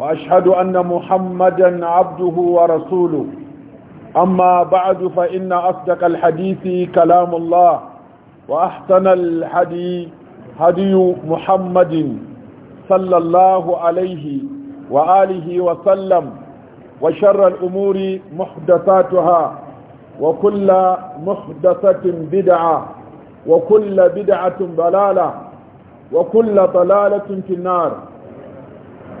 وأشهد أن محمدا عبده ورسوله أما بعد فإن أصدق الحديث كلام الله وأحسن الحدي هدي محمد صلى الله عليه وآله وسلم وشر الأمور محدثاتها وكل محدثة بدعة وكل بدعة ضلالة وكل ضلالة في النار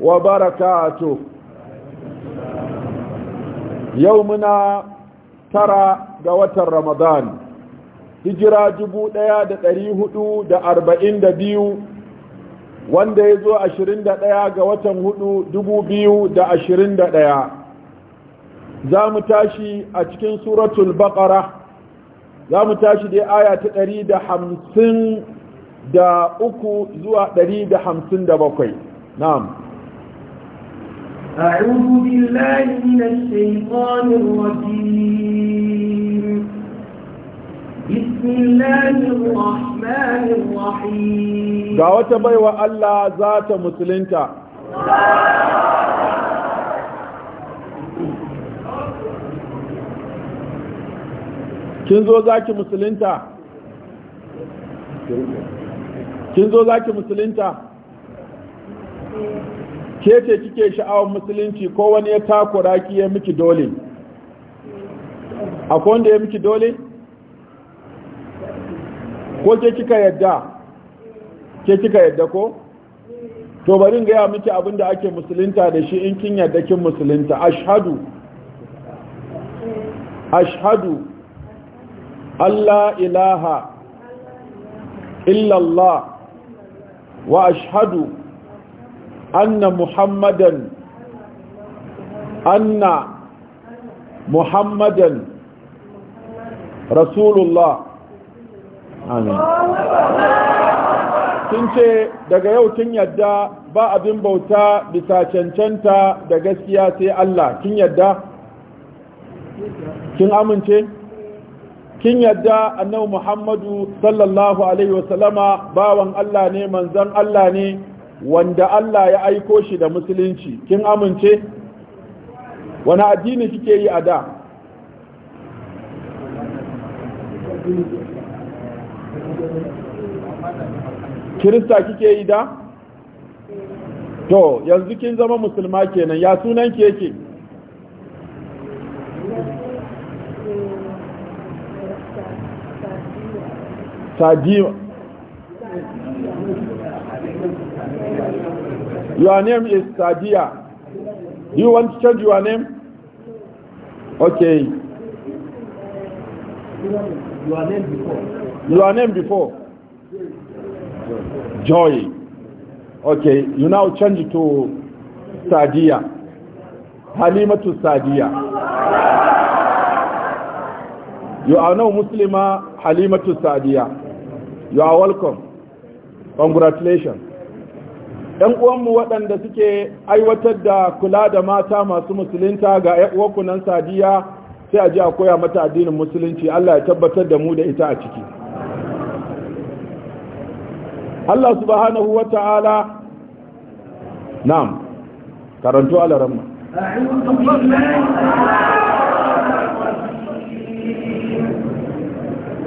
wabarakatu yau muna tara ga watan ramadan hijira dubu ɗaya da dari hudu da arba'in da biyu wanda ya zo ashirin da daya ga watan huɗu dubu biyu da ashirin da daya za mu tashi a cikin suratul baƙara, za mu tashi dai aya ta dari da hamsin da uku zuwa dari da hamsin da bakwai na'am أعوذ بالله من الشيطان الرجيم بسم الله الرحمن الرحيم دعوة بي وألا ذات مسلمتا kin zo za ki musulunta kin zo za ki musulunta ke ce kike sha'awar musulunci ko wani ya takura ki ya miki dole a wanda ya miki dole ko ke kika yadda ke kika yadda ko to bari ya miki abin da ake musulunta da shi in kin yadda kin musulunta ashhadu ashhadu Allah ilaha illallah wa ashhadu anna muhammadan anna muhammadan amin sun ce daga yau kin yadda ba abin bauta bisa cancanta da gaskiya sai Allah kin yadda kin amince kin yadda annabi Muhammadu sallallahu alaihi wasallama bawan Allah ne manzon Allah ne wanda Allah ya aiko shi da musulunci kin amince wani addini kike yi a da kirista kike yi da to yanzu kin zama musulma kenan ya sunan ki yake sadiwa Your name is Sadia. Do you want to change your name? Okay. Your name before. Your name before. Joy. Okay, you now change it to Sadia. Halima to Sadia. You are now Muslima Halima to Sadia. You are welcome. Congratulations. ‘yan uwanmu waɗanda suke aiwatar da kula da mata masu musulunta ga ‘yan nan sadiya sai a ji a koya mata addinin musulunci Allah ya tabbatar da mu da ita a ciki. Allah subhanahu wa ta'ala na'am karanto alaramma.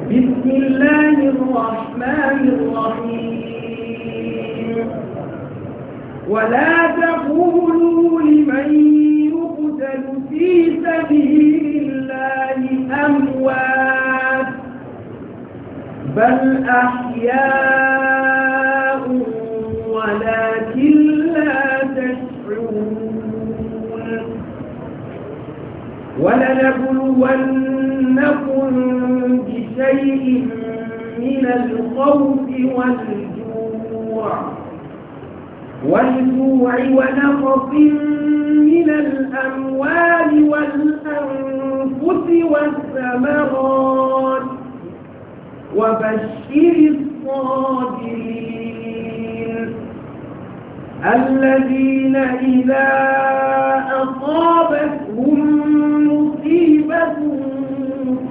بسم الله الرحمن الرحيم ولا تقولوا لمن يقتل في سبيل الله أموات بل أحياء ولكن لا تشعرون ولنبلونكم بشيء من الخوف والجوع والجوع ونقص من الأموال والأنفس والثمرات وبشر الصابرين الذين إذا أصابتهم مصيبة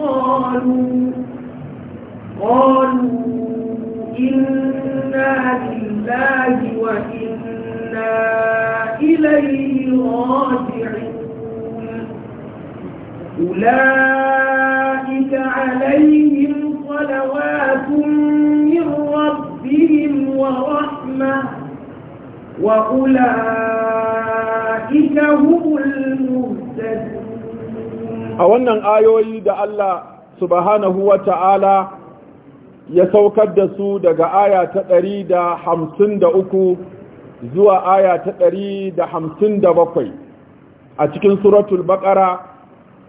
قالوا قالوا إنا لله وإنا إليه راجعون أولئك عليهم صلوات من ربهم ورحمة وأولئك هم المهتدون a wannan ayoyi da Allah subhanahu wa ta'ala ya saukar da su daga aya ta ɗari da da uku zuwa aya ta ɗari da hamsin da bakwai a cikin suratul baƙara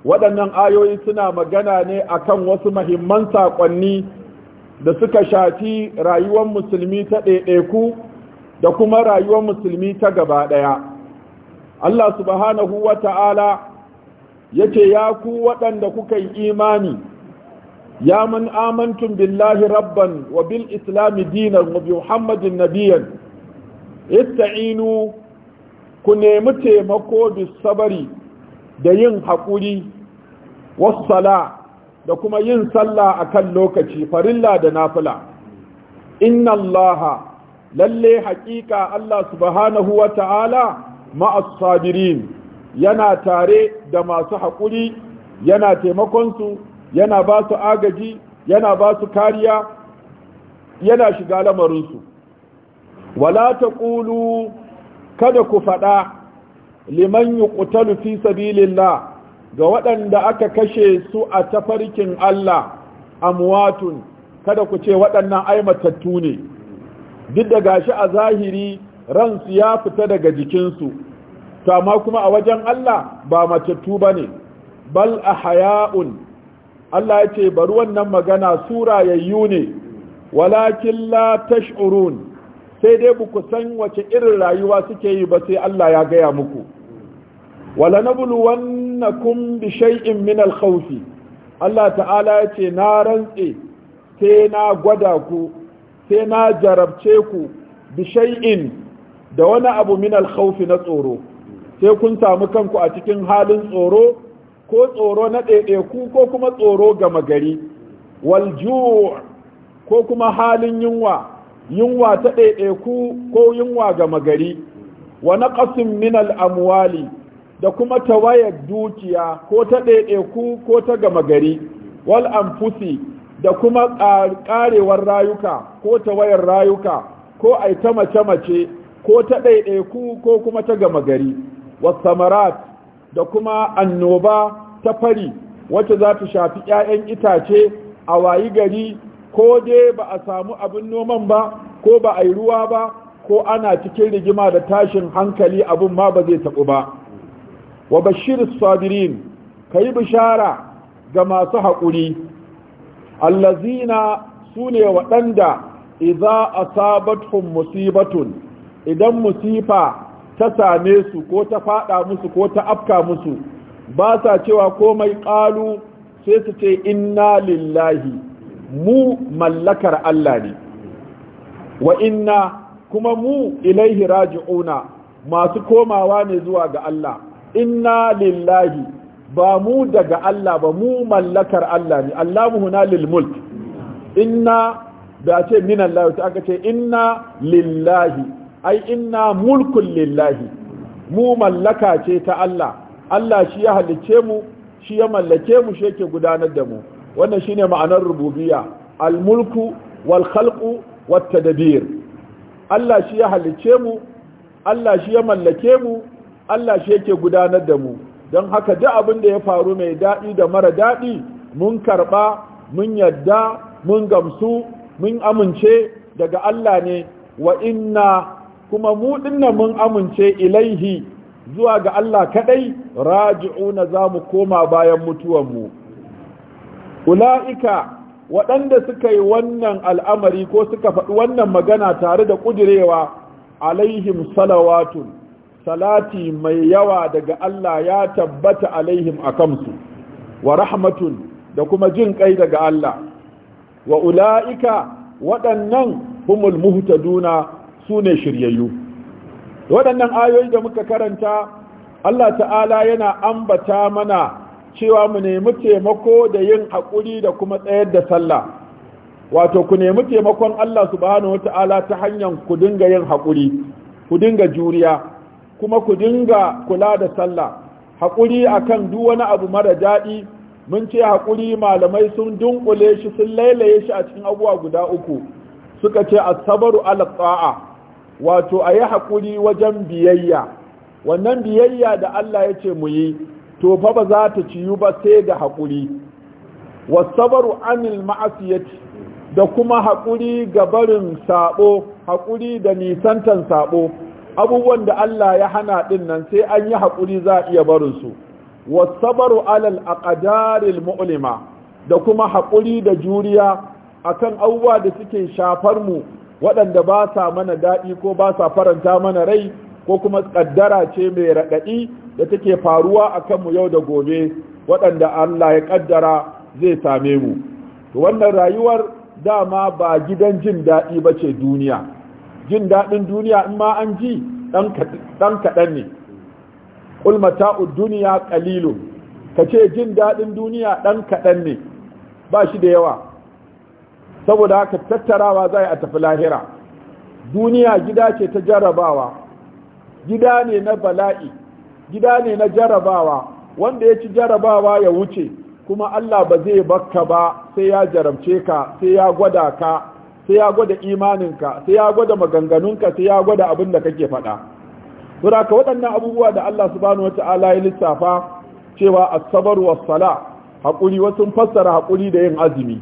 waɗannan ayoyi suna magana ne akan wasu mahimman saƙonni da suka shafi rayuwar musulmi ta ɗaiɗaiku da kuma rayuwar musulmi ta gaba ɗaya Allah subhanahu wa ta'ala ya ce ya ku waɗanda kuka yi imani ya mun amantun billahi rabban wa bil islami dinar wa bi muhammadin nabiyan ista'inu ku nemi taimako da sabari da yin haƙuri wassala da kuma yin sallah a kan lokaci farilla da nafila inna allaha lalle haƙiƙa Allah subhanahu wa ta'ala ma'asabirin yana tare da masu haƙuri yana taimakonsu yana ba su agaji yana ba su kariya yana shiga lamarinsu wala Kulu, kada ku faɗa liman yuqtalu fi sabilillah ga waɗanda aka kashe su a tafarkin Allah amwatun kada ku ce waɗannan ai matattu ne duk da gashi a zahiri ransu ya fita daga jikinsu to amma kuma a wajen Allah ba matattu bane bal a haya'un. Allah yace, ce bari wannan magana surayayyu ne walakin la tash'urun sai dai ku san wace irin rayuwa suke yi ba sai Allah ya gaya muku wala kun bi shay'in min al Allah ta'ala ya ce na rantse sai na gwada ku sai na jarabce ku bi shay'in da wani abu min al na tsoro sai kun samu kanku a cikin halin tsoro ko tsoro na ɗaiɗaiku ko kuma tsoro gama gari wal ko kuma halin yunwa yunwa ta ɗaiɗaiku ko yunwa gama gari wa ƙasin minal amuwali da kuma tawayar dukiya ko ta ɗaiɗaiku ko ta gama gari wal amfusi da kuma ƙarewar rayuka ko ta wayar rayuka ko ai ta mace-mace ko ta ɗaiɗaiku ko kuma ta gama gari samarat da kuma annoba ta fari wacce za ta shafi 'ya'yan itace a wayi gari ko dai ba a samu abin noman ba ko ba a yi ruwa ba ko ana cikin rigima da tashin hankali abin ma ba zai taɓu ba wa bashir sabirin ka yi bishara ga masu haƙuri allazina su ne waɗanda iza asabatuhum musibatun idan musifa ta same su ko ta faɗa musu ko ta afka musu ba sa cewa komai ƙalu sai su ce inna lillahi mu mallakar Allah ne wa inna kuma mu ilaihi raji'una masu komawa ne zuwa ga Allah inna lillahi ba mu daga Allah ba mu mallakar Allah ne Allahu huna lil inna da ce minan Allah aka ce inna lillahi ai inna mulkun lillahi mu mallaka ce ta Allah Allah shi ya halice mu shi ya mallake mu shi yake gudanar da mu wannan shine ma'anar rububiyya al-mulku wal khalqu wat tadbir Allah shi ya halice mu Allah shi ya mallake mu Allah shi yake gudanar da mu don haka duk abin da ya faru mai daɗi da mara daɗi mun karɓa mun yadda mun gamsu mun amince daga Allah ne wa inna kuma mu dinnan mun amince ilaihi zuwa ga Allah kaɗai raji'una za mu koma bayan mu. ula'ika waɗanda suka yi wannan al'amari ko suka faɗi wannan magana tare da ƙudirewa alaihim salawatun salati mai yawa daga Allah ya tabbata alaihim a kansu wa rahmatun da kuma jin ƙai daga Allah wa ula'ika waɗannan humul muhtaduna su ne shiryayyu waɗannan ayoyi da muka karanta Allah ta'ala yana ambata mana cewa mu nemi taimako da yin haƙuri da kuma tsayar da sallah wato ku nemi taimakon Allah subhanahu wata'ala ta hanyar ku dinga yin haƙuri ku dinga juriya kuma ku dinga kula da sallah haƙuri akan duk wani abu mara daɗi mun ce haƙuri malamai sun dunkule shi sun lailaye shi a cikin abubuwa guda uku suka ce asabaru ala ta'a wato ayi haƙuri wajen biyayya wannan biyayya da Allah ya ce mu yi to fa ba za ta ciyu ba sai da haƙuri wasabaru anil ma'asiyati da kuma haƙuri ga barin saɓo, haƙuri da nisantan saɓo, abubuwan da Allah ya hana din nan sai an yi haƙuri za a iya barin su wasabaru alal aqdaril mu'lima da kuma haƙuri da juriya akan abubuwa da suke shafar mu waɗanda ba sa mana daɗi ko ba sa faranta mana rai ko kuma kaddara ce mai raɗaɗi da take faruwa a kanmu yau da gobe waɗanda Allah ya kaddara zai same mu to wannan rayuwar dama ba gidan jin daɗi ba ce duniya jin daɗin duniya in ma an ji ɗan kaɗan ne ƙulmata'ud duniya ƙalilu. ka ce jin daɗin duniya ɗan kaɗan ne ba shi da yawa saboda haka tattarawa za a tafi lahira duniya gida ce ta jarrabawa gida ne na bala'i gida ne na jarabawa wanda ya ci jarabawa ya wuce kuma Allah ba zai bakka ba sai ya jarabce ka sai ya gwada ka sai ya gwada imaninka sai ya gwada maganganunka sai ya gwada abin da kake faɗa ka waɗannan abubuwa da Allah subhanahu wata'ala ya lissafa cewa as-sabr sala hakuri wasu fassara hakuri da yin azumi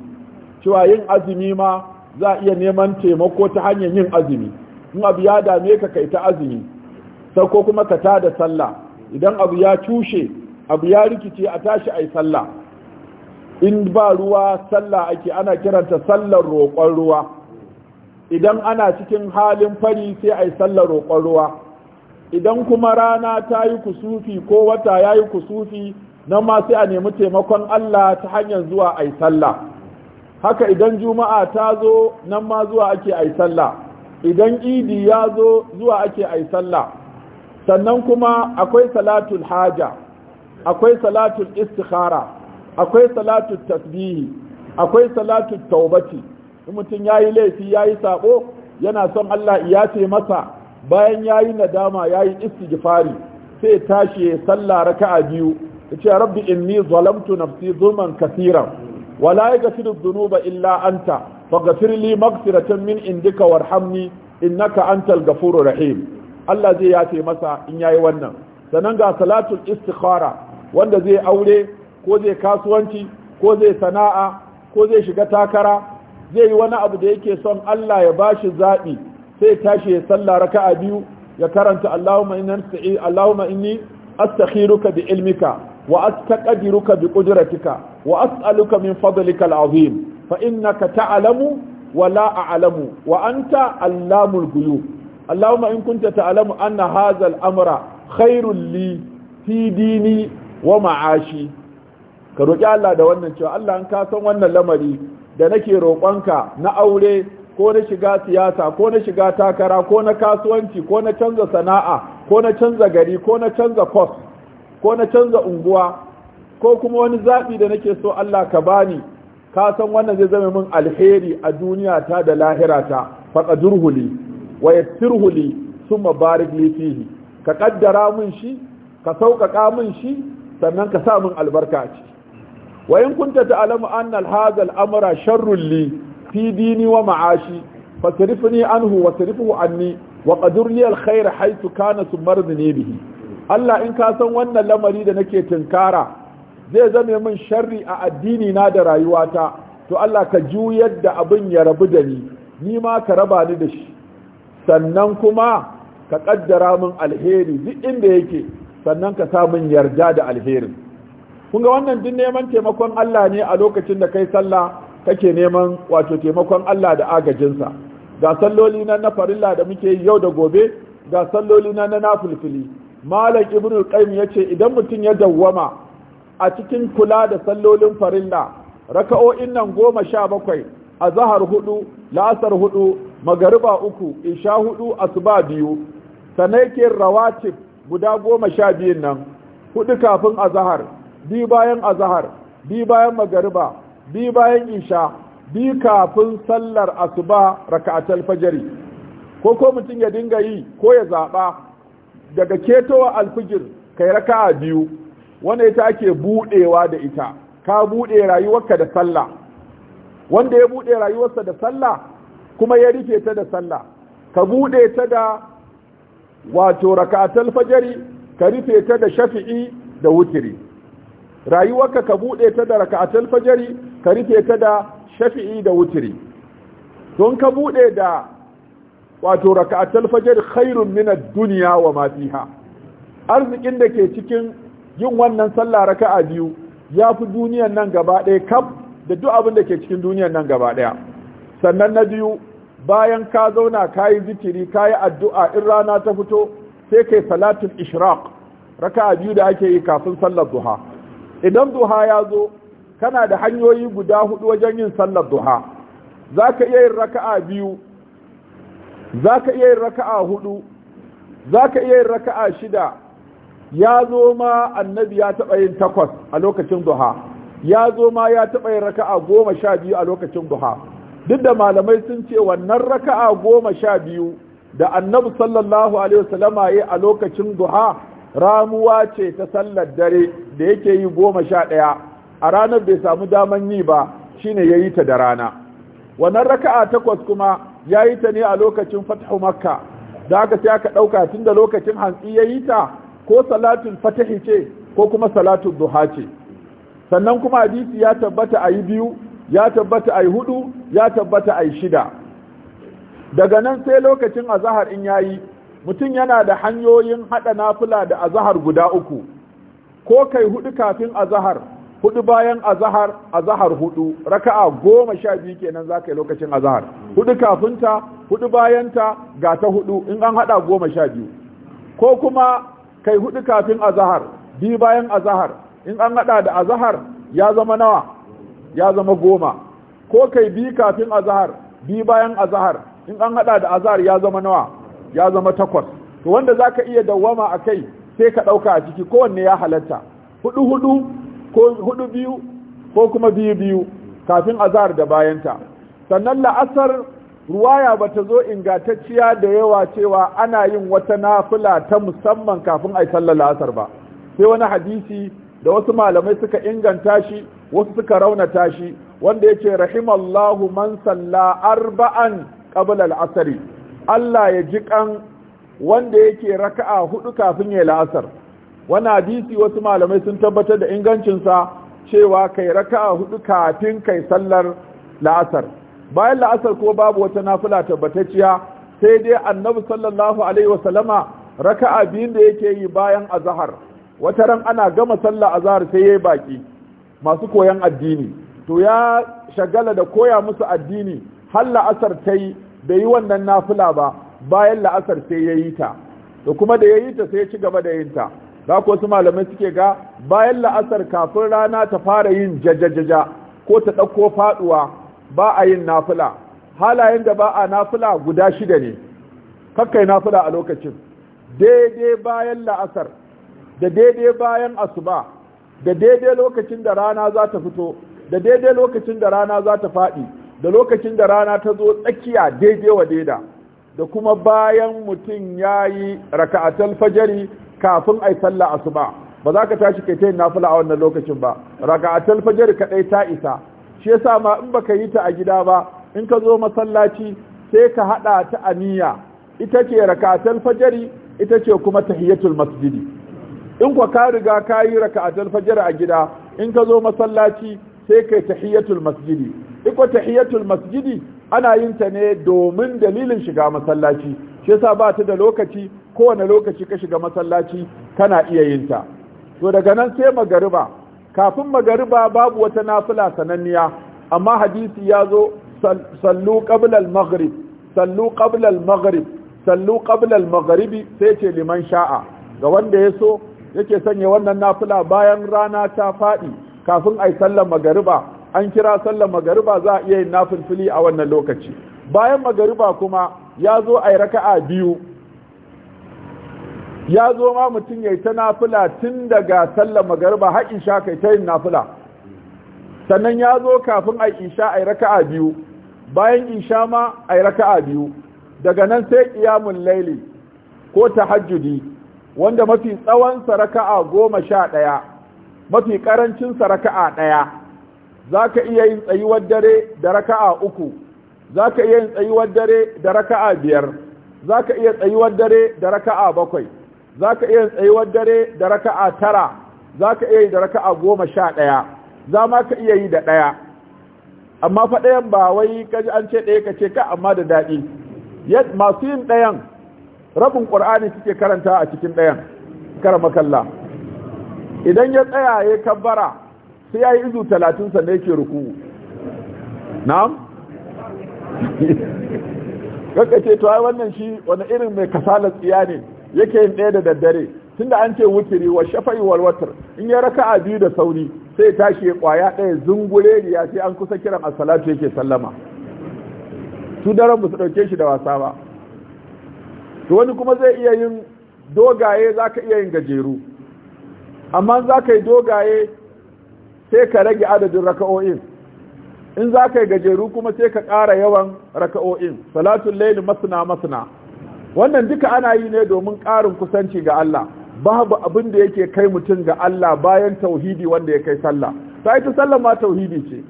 cewa yin azumi ma za a iya neman taimako ta hanyar yin azumi in abu ya dame ka kai ta azumi sai kuma ka tada sallah idan abu ya cushe abu ya rikice a tashi a ai sallah in ba ruwa sallah ake ana kiranta sallar roƙon ruwa idan ana cikin halin fari sai ai sallar roƙon ruwa idan kuma rana ta yi kusufi ko wata ya yi kusufi nan ma sai a nemi taimakon Allah ta hanyar zuwa ai sallah haka idan juma'a ta zo nan ma zuwa ake ai sallah idan idi ya zo zuwa ake ai sallah sannan kuma akwai salatul haja akwai salatul istikhara akwai salatul tasbihi akwai salatul taubati in mutum yayi laifi yayi sabo yana son Allah ya ce masa bayan yayi nadama ya yi istighfari sai tashi ya salla raka'a biyu yace rabbi inni zalamtu nafsi zulman kasiran. wala yaghfiru dhunuba illa anta faghfir li maghfiratan min indika warhamni innaka antal ghafurur rahim Allah zai yafe masa in yayi wannan sanan ga salatul istikhara wanda zai aure ko zai kasuwanci ko zai sana'a ko zai shiga takara zai yi wani abu da yake son Allah ya bashi zabi sai tashi ya salla raka'a biyu ya karanta Allahumma inni Allahumma inni astakhiruka bi ilmika wa astaqdiruka bi qudratika wa as'aluka min fadlika azim fa innaka ta'lamu wa la a'lamu wa anta allamul ghuyub Allahumma in kunta ta'lamu anna hadha al-amra khairul li fi dini wa ma'ashi ka roki Allah da wannan cewa Allah in ka san wannan lamari da nake roƙonka na aure ko na shiga siyasa ko na shiga takara ko na kasuwanci ko na canza sana'a ko na canza gari ko na canza kos ko na canza unguwa ko kuma wani zaɓi da nake so Allah ka bani ka san wannan zai zama min alheri a duniya ta da lahirata faqadurhuli wa yassirhu li thumma barik li ka kaddara min shi ka sauƙaƙa min shi sannan ka sa min albarka ce. wa in kunta ta'lamu anna hadha al-amra sharrun fi dini wa ma'ashi fasrifni anhu wa sarifhu anni wa qadir li al-khair haythu kana bihi Allah in ka san wannan lamari da nake tunkara zai zame min sharri a addini na da rayuwata to Allah ka juyar da abin ya rabu da ni ni ma ka raba ni da shi sannan kuma ka kaddara min alheri duk inda yake sannan ka sa min yarda da alheri. kun ga wannan duk neman taimakon Allah ne a lokacin da kai sallah kake neman wato taimakon Allah da agajinsa ga salloli na na farilla da muke yi yau da gobe ga salloli na na nafilfili malam ibnu qayyim yace idan mutum ya dawwama a cikin kula da sallolin farilla raka'o'in nan goma sha bakwai azhar hudu la'asar hudu magariba uku isha hudu asuba biyu sanaikin yake rawatib guda goma sha biyun nan hudu kafin azahar bi bayan azahar bi bayan magariba bi bayan isha bi kafin sallar asuba raka'atul fajri ko ko mutum ya dinga yi ko ya zaba daga ketowa alfijir kai raka'a biyu wanda ita ake budewa da ita ka bude rayuwarka da sallah wanda ya bude rayuwarsa da sallah kuma ya rufe ta da sallah ka bude ta da wato rakatul fajri ka rufe ta da shafi'i da wutri rayuwarka ka bude ta da rakatul fajri ka rufe ta da shafi'i da wutiri don ka bude da wato rakatul fajri khairun min ad-dunya wa ma fiha arzikin da ke cikin yin wannan sallah raka'a biyu yafi duniyan nan gaba ɗaya kaf da duk abin da ke cikin duniyan nan gaba ɗaya sannan na biyu bayan ka zauna ka yi zikiri ka yi addu'a in rana ta fito sai kai salatin ishraq raka biyu da ake yi kafin sallar duha idan duha ya zo kana da hanyoyi guda hudu wajen yin sallar duha za ka iya yin raka'a biyu za ka iya yin raka'a hudu za ka iya yin raka'a shida ya zo ma annabi ya taɓa yin takwas a lokacin duha ya zo ma ya taɓa yin raka'a goma sha biyu a lokacin duha duk da malamai sun ce wannan raka'a goma sha biyu da annabi sallallahu alaihi wasallama ya a lokacin duha ramuwa ce ta sallar dare da yake yi goma sha ɗaya a ranar bai samu daman yi ba shine ya yi ta da rana wannan raka'a takwas kuma ya yi ta ne a lokacin fatahu makka da aka sai aka ɗauka tun da lokacin hantsi ya yi ta ko salatun fatahi ce ko kuma salatun duha ce sannan kuma hadisi ya tabbata a yi biyu ya tabbata ai hudu ya tabbata ai shida daga nan sai lokacin azahar in yayi mutum yana da hanyoyin hada nafila da azahar guda uku ko kai hudu kafin azahar hudu bayan azahar azahar hudu raka'a goma sha biyu kenan za ka yi lokacin azahar hudu kafinta hudu bayanta ga ta hudu in an hada goma sha biyu ko kuma kai hudu kafin azahar biyu bayan azahar in an hada da azahar ya zama nawa ya zama goma ko kai bi kafin azahar bi bayan azahar in an hada da azahar ya zama nawa ya zama takwas to wanda zaka iya dawwama akai sai ka dauka a ciki kowanne ya halatta hudu hudu ko hudu biyu ko kuma biyu biyu kafin azahar da bayanta sannan la'asar ruwaya bata zo ingantacciya da yawa cewa ana yin wata nafila ta musamman kafin ai sallar la'asar ba sai wani hadisi da wasu malamai suka inganta shi wasu suka raunata shi wanda yace rahimallahu man salla arba'an qabla al-asr Allah ya ji kan wanda yake raka'a hudu kafin ya la'asar wani hadisi wasu malamai sun tabbatar da ingancinsa cewa kai raka'a hudu kafin kai sallar la'asar bayan la'asar ko babu wata nafila tabbatacciya sai dai annabi sallallahu alaihi wasallama raka'a biyun da yake yi bayan azhar wata ran ana gama sallah azhar sai yayi baki masu koyan addini to ya shagala da koya musu addini har la'asar ta yi bai yi wannan nafila ba bayan la'asar sai yayi ta To kuma da yayi ta sai ya ci gaba da yin ta za ku wasu malamai suke ga bayan la'asar kafin rana ta fara yin jajajaja ko ta ɗauko faɗuwa ba a yin nafila halayen da ba a nafila guda shida ne kakkai nafila a lokacin daidai bayan la'asar da daidai bayan asuba da daidai lokacin da rana za ta fito da daidai lokacin da rana za ta faɗi da lokacin da rana ta zo tsakiya daidai wa daida da kuma bayan mutum ya yi raka'atul fajari kafin a yi sallah asuba ba za ka tashi kai ta yin nafila a wannan lokacin ba raka'atul fajari kaɗai ta isa shi yasa ma in baka yi ta a gida ba in ka zo masallaci sai ka haɗa ta aniya ita ce raka'atul fajari ita ce kuma tahiyatul masjidi in kwa ka riga ka yi raka'atul fajr a gida in ka zo masallaci sai kai tahiyatul masjidi iko tahiyatul masjidi ana yin ta ne domin dalilin shiga masallaci shi yasa ba ta da lokaci kowane lokaci ka shiga masallaci kana iya yin ta to daga nan sai magariba kafin magariba babu wata nafila sananniya amma hadisi ya zo sallu qabla al-maghrib sallu qabla al-maghrib sallu qabla al-maghrib sai ce liman sha'a ga wanda ya so yake sanya wannan nafila bayan rana ta faɗi kafin a yi sallar magariba an kira sallar magariba za a iya yin nafilfili a wannan lokaci bayan magariba kuma ya zo a yi raka'a biyu ya zo ma mutum ya yi ta nafila tun daga sallar magariba har isha kai ta yin nafila sannan ya zo kafin a isha a yi raka'a biyu bayan isha ma a yi raka'a biyu daga nan sai ƙiyamun laili ko tahajjudi wanda mafi tsawon saraka'a goma sha ɗaya mafi ƙarancin saraka'a ɗaya za ka iya yin tsayuwar dare da raka'a uku za ka iya yin tsayuwar dare da raka'a biyar za ka iya tsayuwar dare da raka'a bakwai za ka iya tsayuwar dare da raka'a tara za ka iya yi da raka'a goma sha ɗaya za ma ka iya yi da ɗaya amma fa ɗayan ba wai kaji an ce ɗaya ka ce ka amma da daɗi masu yin ɗayan rabin ƙwar'ani suke karanta a cikin ɗayan makalla. idan ya tsaya ya kabbara sai ya yi izu talatin ne yake ruku na'am kaka ce to ai wannan shi wani irin mai kasalar tsiya ne yake yin ɗaya da daddare tunda an ce wukiri wa shafa'i walwatar. in ya raka a biyu da sauri sai tashi kwaya ɗaya zungure riya sai an kusa kiran asalatu salatu yake sallama su daren ba su ɗauke shi da wasa ba to wani kuma zai iya yin dogaye za ka iya yin gajeru amma za ka yi dogaye sai ka rage adadin raka'o'in in za ka yi gajeru kuma sai ka ƙara yawan raka'o'in salatun laili masna masna wannan duka ana yi ne domin ƙarin kusanci ga Allah babu abin da yake kai mutum ga Allah bayan tauhidi wanda ya kai sallah ta ita sallah ma tauhidi ce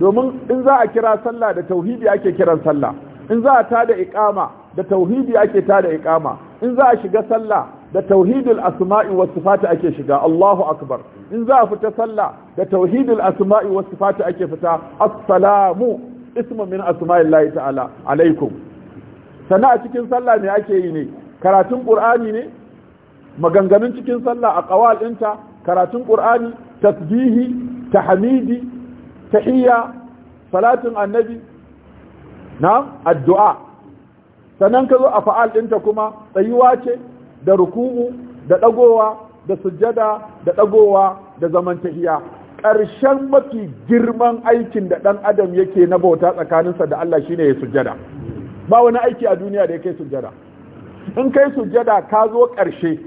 domin in za a kira sallah da tauhidi ake kiran sallah in za a tada iqama da tauhidi ake tada ikama in za a shiga sallah da tauhidul asma'i was sifati ake shiga Allahu akbar in za a fita sallah da tauhidul asma'i was sifati ake fita assalamu ismu min asma'illahi ta'ala alaikum sana a cikin sallah ne ake yi ne karatun qur'ani ne maganganun cikin sallah a qawal dinta karatun qur'ani tasbihi tahmidi tahiyya salatin annabi na addu'a sannan ka zo a fa'al ɗinta kuma tsayuwa ce da ruku'u da ɗagowa da sujjada da ɗagowa da zaman tahiya ƙarshen mafi girman aikin da ɗan adam yake na bauta tsakaninsa da Allah shine ya sujjada ba wani aiki a duniya da ya kai sujjada in kai sujjada ka zo ƙarshe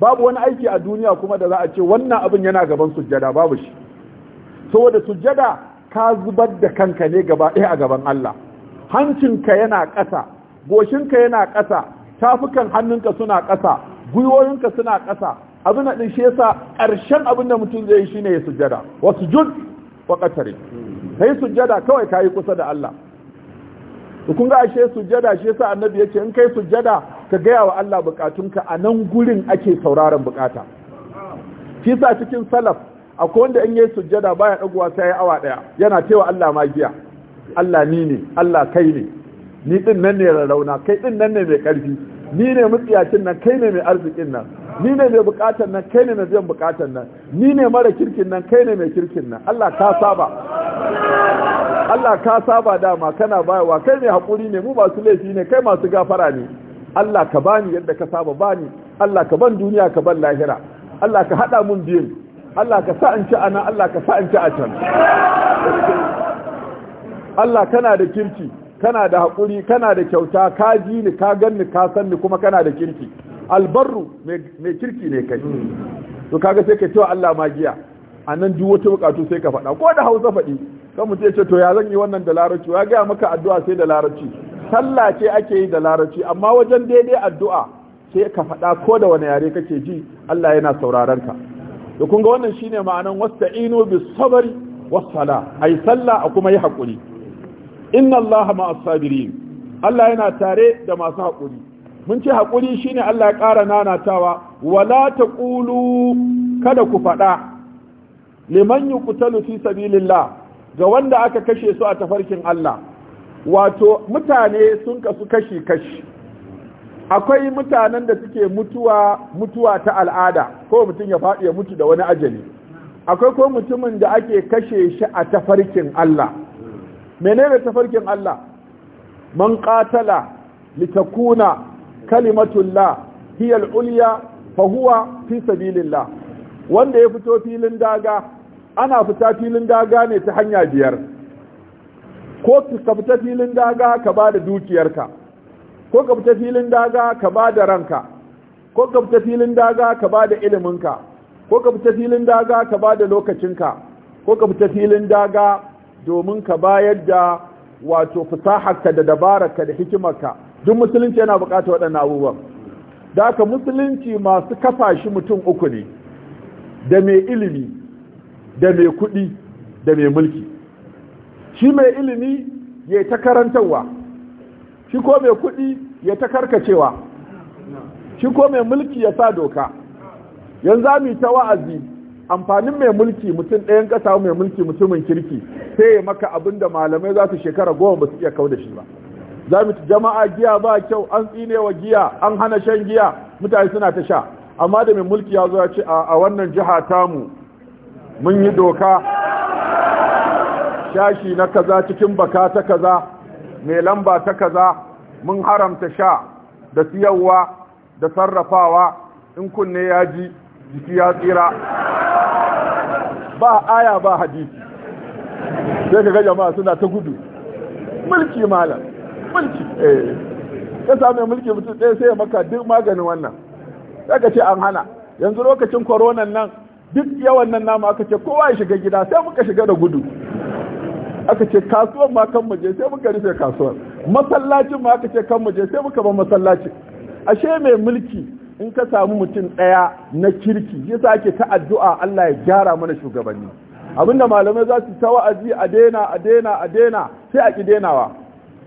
babu wani aiki a duniya kuma da za a ce wannan abin yana gaban sujjada babu shi saboda sujjada ka zubar da kanka ne gaba ɗaya a gaban Allah hancinka yana ƙasa goshinka yana ƙasa tafukan hannunka suna ƙasa gwiwoyinka suna ƙasa abin da din shi yasa ƙarshen abin da mutum zai yi shine ya sujada, wa sujud wa qatari kai sujjada kawai yi kusa da Allah to kun ga ashe sujjada shi yasa annabi yace in kai sujada ka gaya wa Allah bukatunka a nan gurin ake sauraron bukata Kisa cikin salaf akwai wanda in yayi sujjada baya dagowa sai awa ɗaya, yana cewa Allah magiya Allah ni ne Allah kai ne ni din nan ne rarrauna kai din nan ne mai karfi ni ne mutsiyacin nan kai ne mai arzikin nan ni ne mai bukatan nan kai ne mai zan bukatan nan ni ne mara kirkin nan kai ne mai kirkin nan Allah ka saba Allah ka saba dama kana bayawa kai ne hakuri ne mu masu laifi ne kai masu gafara ne Allah ka bani yadda ka saba bani Allah ka ban duniya ka ban lahira Allah ka hada mun biyun Allah ka sa in ci ana Allah ka sa in ci a can Allah kana da kirki kana da hakuri kana da kyauta ka ji ni ka ganni ka san ni kuma kana da kirki albarru mai kirki ne kai to kaga sai ka ce wa Allah magiya a duk wata bukatu sai ka faɗa ko da hausa faɗi kan mutum ya ce to ya zan yi wannan da larabci ya gaya maka addu'a sai da larabci sallah ce ake yi da larabci amma wajen daidai addu'a sai ka faɗa ko da wani yare kake ji Allah yana sauraron ka to kun ga wannan shine ma'anan wasta'inu bis sabri was sala ay sallah a kuma yi hakuri. inna allaha ma'as sabirin Allah yana tare da masu haƙuri mun ce haƙuri shine Allah ya ƙara nanatawa wala taqulu kada ku faɗa liman yuqtalu fi sabilillah ga wanda aka kashe su a tafarkin Allah wato mutane sun kasu kashi kashi akwai mutanen da suke mutuwa mutuwa ta al'ada ko mutum ya faɗi ya mutu da wani ajali akwai ko mutumin da ake kashe shi a tafarkin Allah menene tafarkin Allah man qatala litakuna kalimatullah hiya al-ulya fa huwa fi sabilillah wanda ya fito filin daga ana fita filin daga ne ta hanya biyar ko ka fita filin daga ka bada dukiyarka ko ka fita filin daga ka bada ranka ko ka fita filin daga ka bada iliminka ko ka fita filin daga ka bada lokacinka ko ka fita filin daga domin ka bayar da wato fasaharka da dabararka da hikimarka duk musulunci yana bukatar waɗannan abubuwan da aka musulunci masu kafa shi mutum uku ne da mai ilimi da mai kuɗi da mai mulki shi mai ilimi ya ta karantarwa shi ko mai kuɗi ya ta karkacewa shi ko mai mulki ya sa doka yanzu za mu yi ta wa'azi amfanin mai mulki mutum ɗayan ƙasa mai mulki mutumin kirki sai ya maka abin da malamai za su shekara goma ba su iya kau da shi ba za mu jama'a giya ba kyau an tsine wa giya an hana shan giya mutane suna ta sha amma da mai mulki ya zo ya ce a wannan jiha tamu mun yi doka shashi na kaza cikin baka ta kaza mai lamba ta kaza mun haramta sha da siyarwa da sarrafawa in kunne ya ji jiki ya tsira ba aya ba hadisi sai ka ga jama'a suna ta gudu mulki malam mulki eh ka same mulki mutum ɗaya sai ya maka duk maganin wannan sai ka ce an hana yanzu lokacin koronan nan duk yawan nan namu aka ce kowa ya shiga gida sai muka shiga da gudu aka ce kasuwar ma kan muje sai muka rufe kasuwar masallacin ma aka ce kan muje sai muka ba masallacin ashe mai mulki in ka samu mutum ɗaya na kirki ya sake ta addu'a Allah ya gyara mana shugabanni abinda malamai za su ta wa'azi a daina a daina a daina sai a ki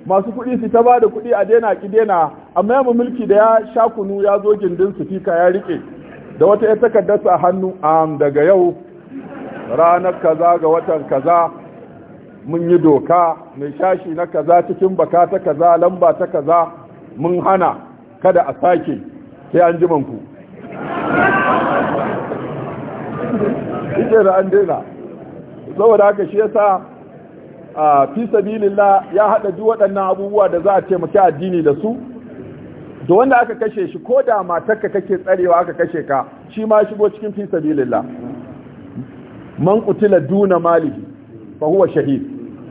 masu kuɗi su ta ba da kuɗi a daina a ki amma yamma mulki da ya sha kunu ya zo gindin su fika ya rike da wata ya takardarsa a hannu am daga yau ranar kaza ga watan kaza mun yi doka mai shashi na kaza cikin baka ta kaza lamba ta kaza mun hana kada a sake sai an jiman ku ike da an dina saboda haka shi yasa a fi sabilillah ya hada duk waɗannan abubuwa da za a taimaki addini da su da wanda aka kashe shi ko da matarka kake tsarewa aka kashe ka shi ma shigo cikin fi sabilillah man qutila duna malihi fa huwa shahid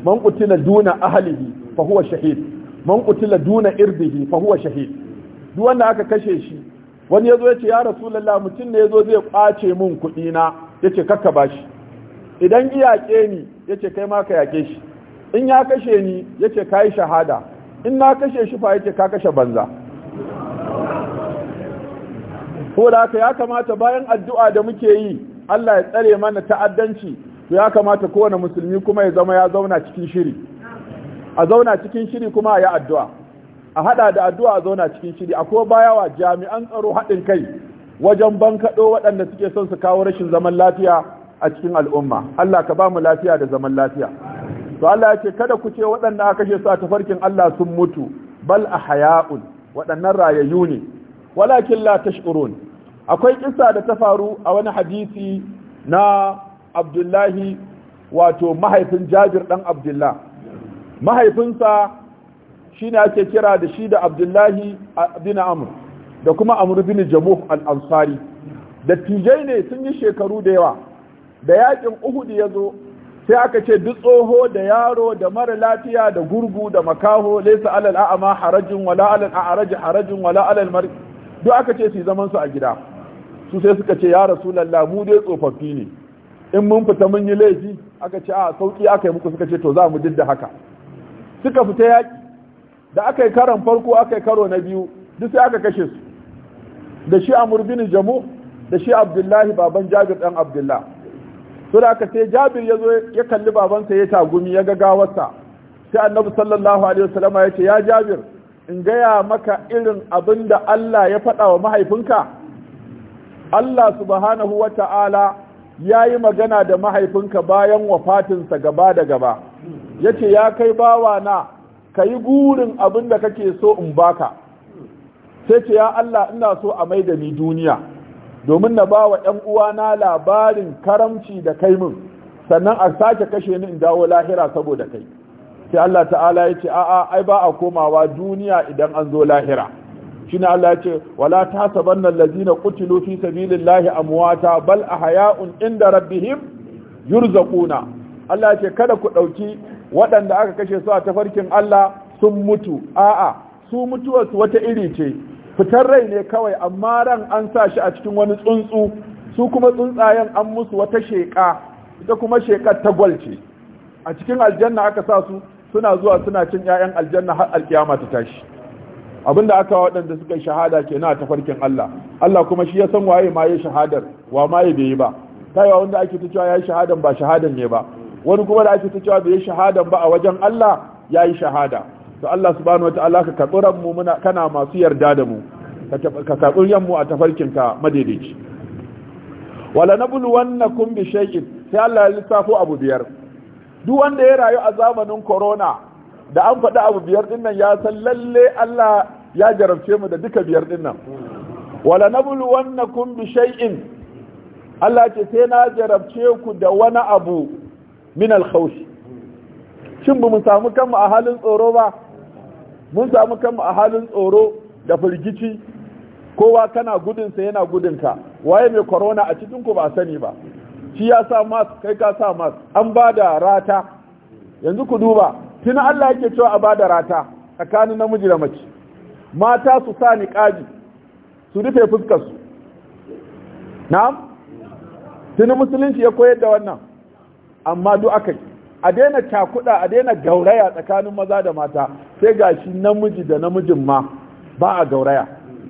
man qutila duna ahlihi fa huwa shahid man qutila duna irdihi fa huwa shahid duk wanda aka kashe shi wani ya zo ya ce ya rasulallah mutum ne ya zo zai ƙwace min kuɗi na ya ce kakka ba shi idan yaƙe ni ya ce kai ma ka yaƙe shi in ya kashe ni ya ce ka yi shahada in na kashe shi fa ya ce ka kashe banza ko da haka ya kamata bayan addu'a da muke yi Allah ya tsare mana ta'addanci to ya kamata kowane musulmi kuma ya zama ya zauna cikin shiri a zauna cikin shiri kuma a yi addu'a a hada da addu'a zauna cikin shiri a ko baya wa jami'an tsaro haɗin kai wajen bankaɗo waɗanda suke son su kawo rashin zaman lafiya a cikin al'umma Allah ka ba mu lafiya da zaman lafiya to Allah ya kada ku ce waɗanda aka kashe su a tafarkin Allah sun mutu bal a haya'un waɗannan rayayyu ne walakin la tashkurun akwai kissa da ta faru a wani hadisi na Abdullahi wato mahaifin Jabir dan Abdullah mahaifinsa shine ake kira da shi da abdullahi bin amr da kuma amr bin jamuh al-ansari dattijai ne sun yi shekaru da yawa da yakin uhud ya zo sai aka ce duk tsoho da yaro da mara lafiya da gurgu da makaho laysa alal a'ma harajin wala alal a'raj harajin wala alal mar duk aka ce su zaman su a gida su sai suka ce ya rasulullah mu dai tsofaffi ne in mun fita mun yi laifi aka ce a sauki aka yi muku suka ce to za mu didda haka suka fita yaki da aka yi karon farko aka yi karo na biyu duk sai aka kashe su da shi amur bin jamu da shi abdullahi baban jabir dan abdullah to da aka sai jabir ya zo ya kalli babansa ya tagumi ya ga gawarsa sai annabi sallallahu alaihi wasallam ya ce ya jabir in gaya maka irin abin da Allah ya faɗa wa mahaifinka Allah subhanahu wa ta'ala ya yi magana da mahaifinka bayan wafatinsa gaba da gaba ya ce ya kai bawa na ka yi gurin abin da kake so in baka sai ce ya Allah ina so a mai da ni duniya domin na ba wa ‘yan uwana labarin karamci da kai min sannan a sake kashe ni in dawo lahira saboda kai sai Allah ta'ala ya ce a'a ai ba a komawa duniya idan an zo lahira shine Allah ya ce wala ta tasabanna allazina qutilu fi sabilillahi muwata bal a haya'un inda rabbihim yurzakuna Allah ya ce kada ku ɗauki. waɗanda aka kashe su a tafarkin Allah sun mutu a'a su mutuwarsu wata iri ce fitar rai ne kawai amma ran an sa shi a cikin wani tsuntsu su kuma tsuntsayen an musu wata sheƙa ita kuma shekar ta gwalce a cikin aljanna aka sa su suna zuwa suna cin ƴaƴan aljanna har alƙiyama ta tashi abinda aka waɗanda suka yi shahada ke na tafarkin Allah Allah kuma shi ya san waye ma ya shahadar wa ma ya bai yi ba kaiwa wanda ake ta cewa ya yi shahadan ba shahadan ne ba wani kuma da ake ta cewa bai shahada ba a wajen Allah yi shahada to Allah subhanahu wataala ka katsuran mu muna kana masu yarda da mu ka katsuran mu a tafarkin ka madaidaici wala nabluwannakum bi shay'in sai Allah ya lissafo abu biyar duk wanda ya rayu a zamanin corona da an faɗi abu biyar din nan ya san lalle Allah ya jarabce mu da duka biyar din nan wala nabluwannakum bi shay'in Allah ce sai na jarabce ku da wani abu min kaushi. shin bamu mun samu kanmu a halin tsoro ba mun samu kanmu a halin tsoro da firgici kowa kana gudunsa yana gudun ka waye mai corona a cikin ku ba sani ba shi ya sa mas kai ka sa mas an bada rata yanzu ku duba tun Allah yake cewa a bada rata tsakanin namiji da mace mata su sa niqabi su rufe fuskar su na'am tun musulunci ya koyar da wannan amma duk aka a daina cakuɗa a daina gauraya tsakanin maza da mata sai gashi namiji da namijin ma ba a gauraya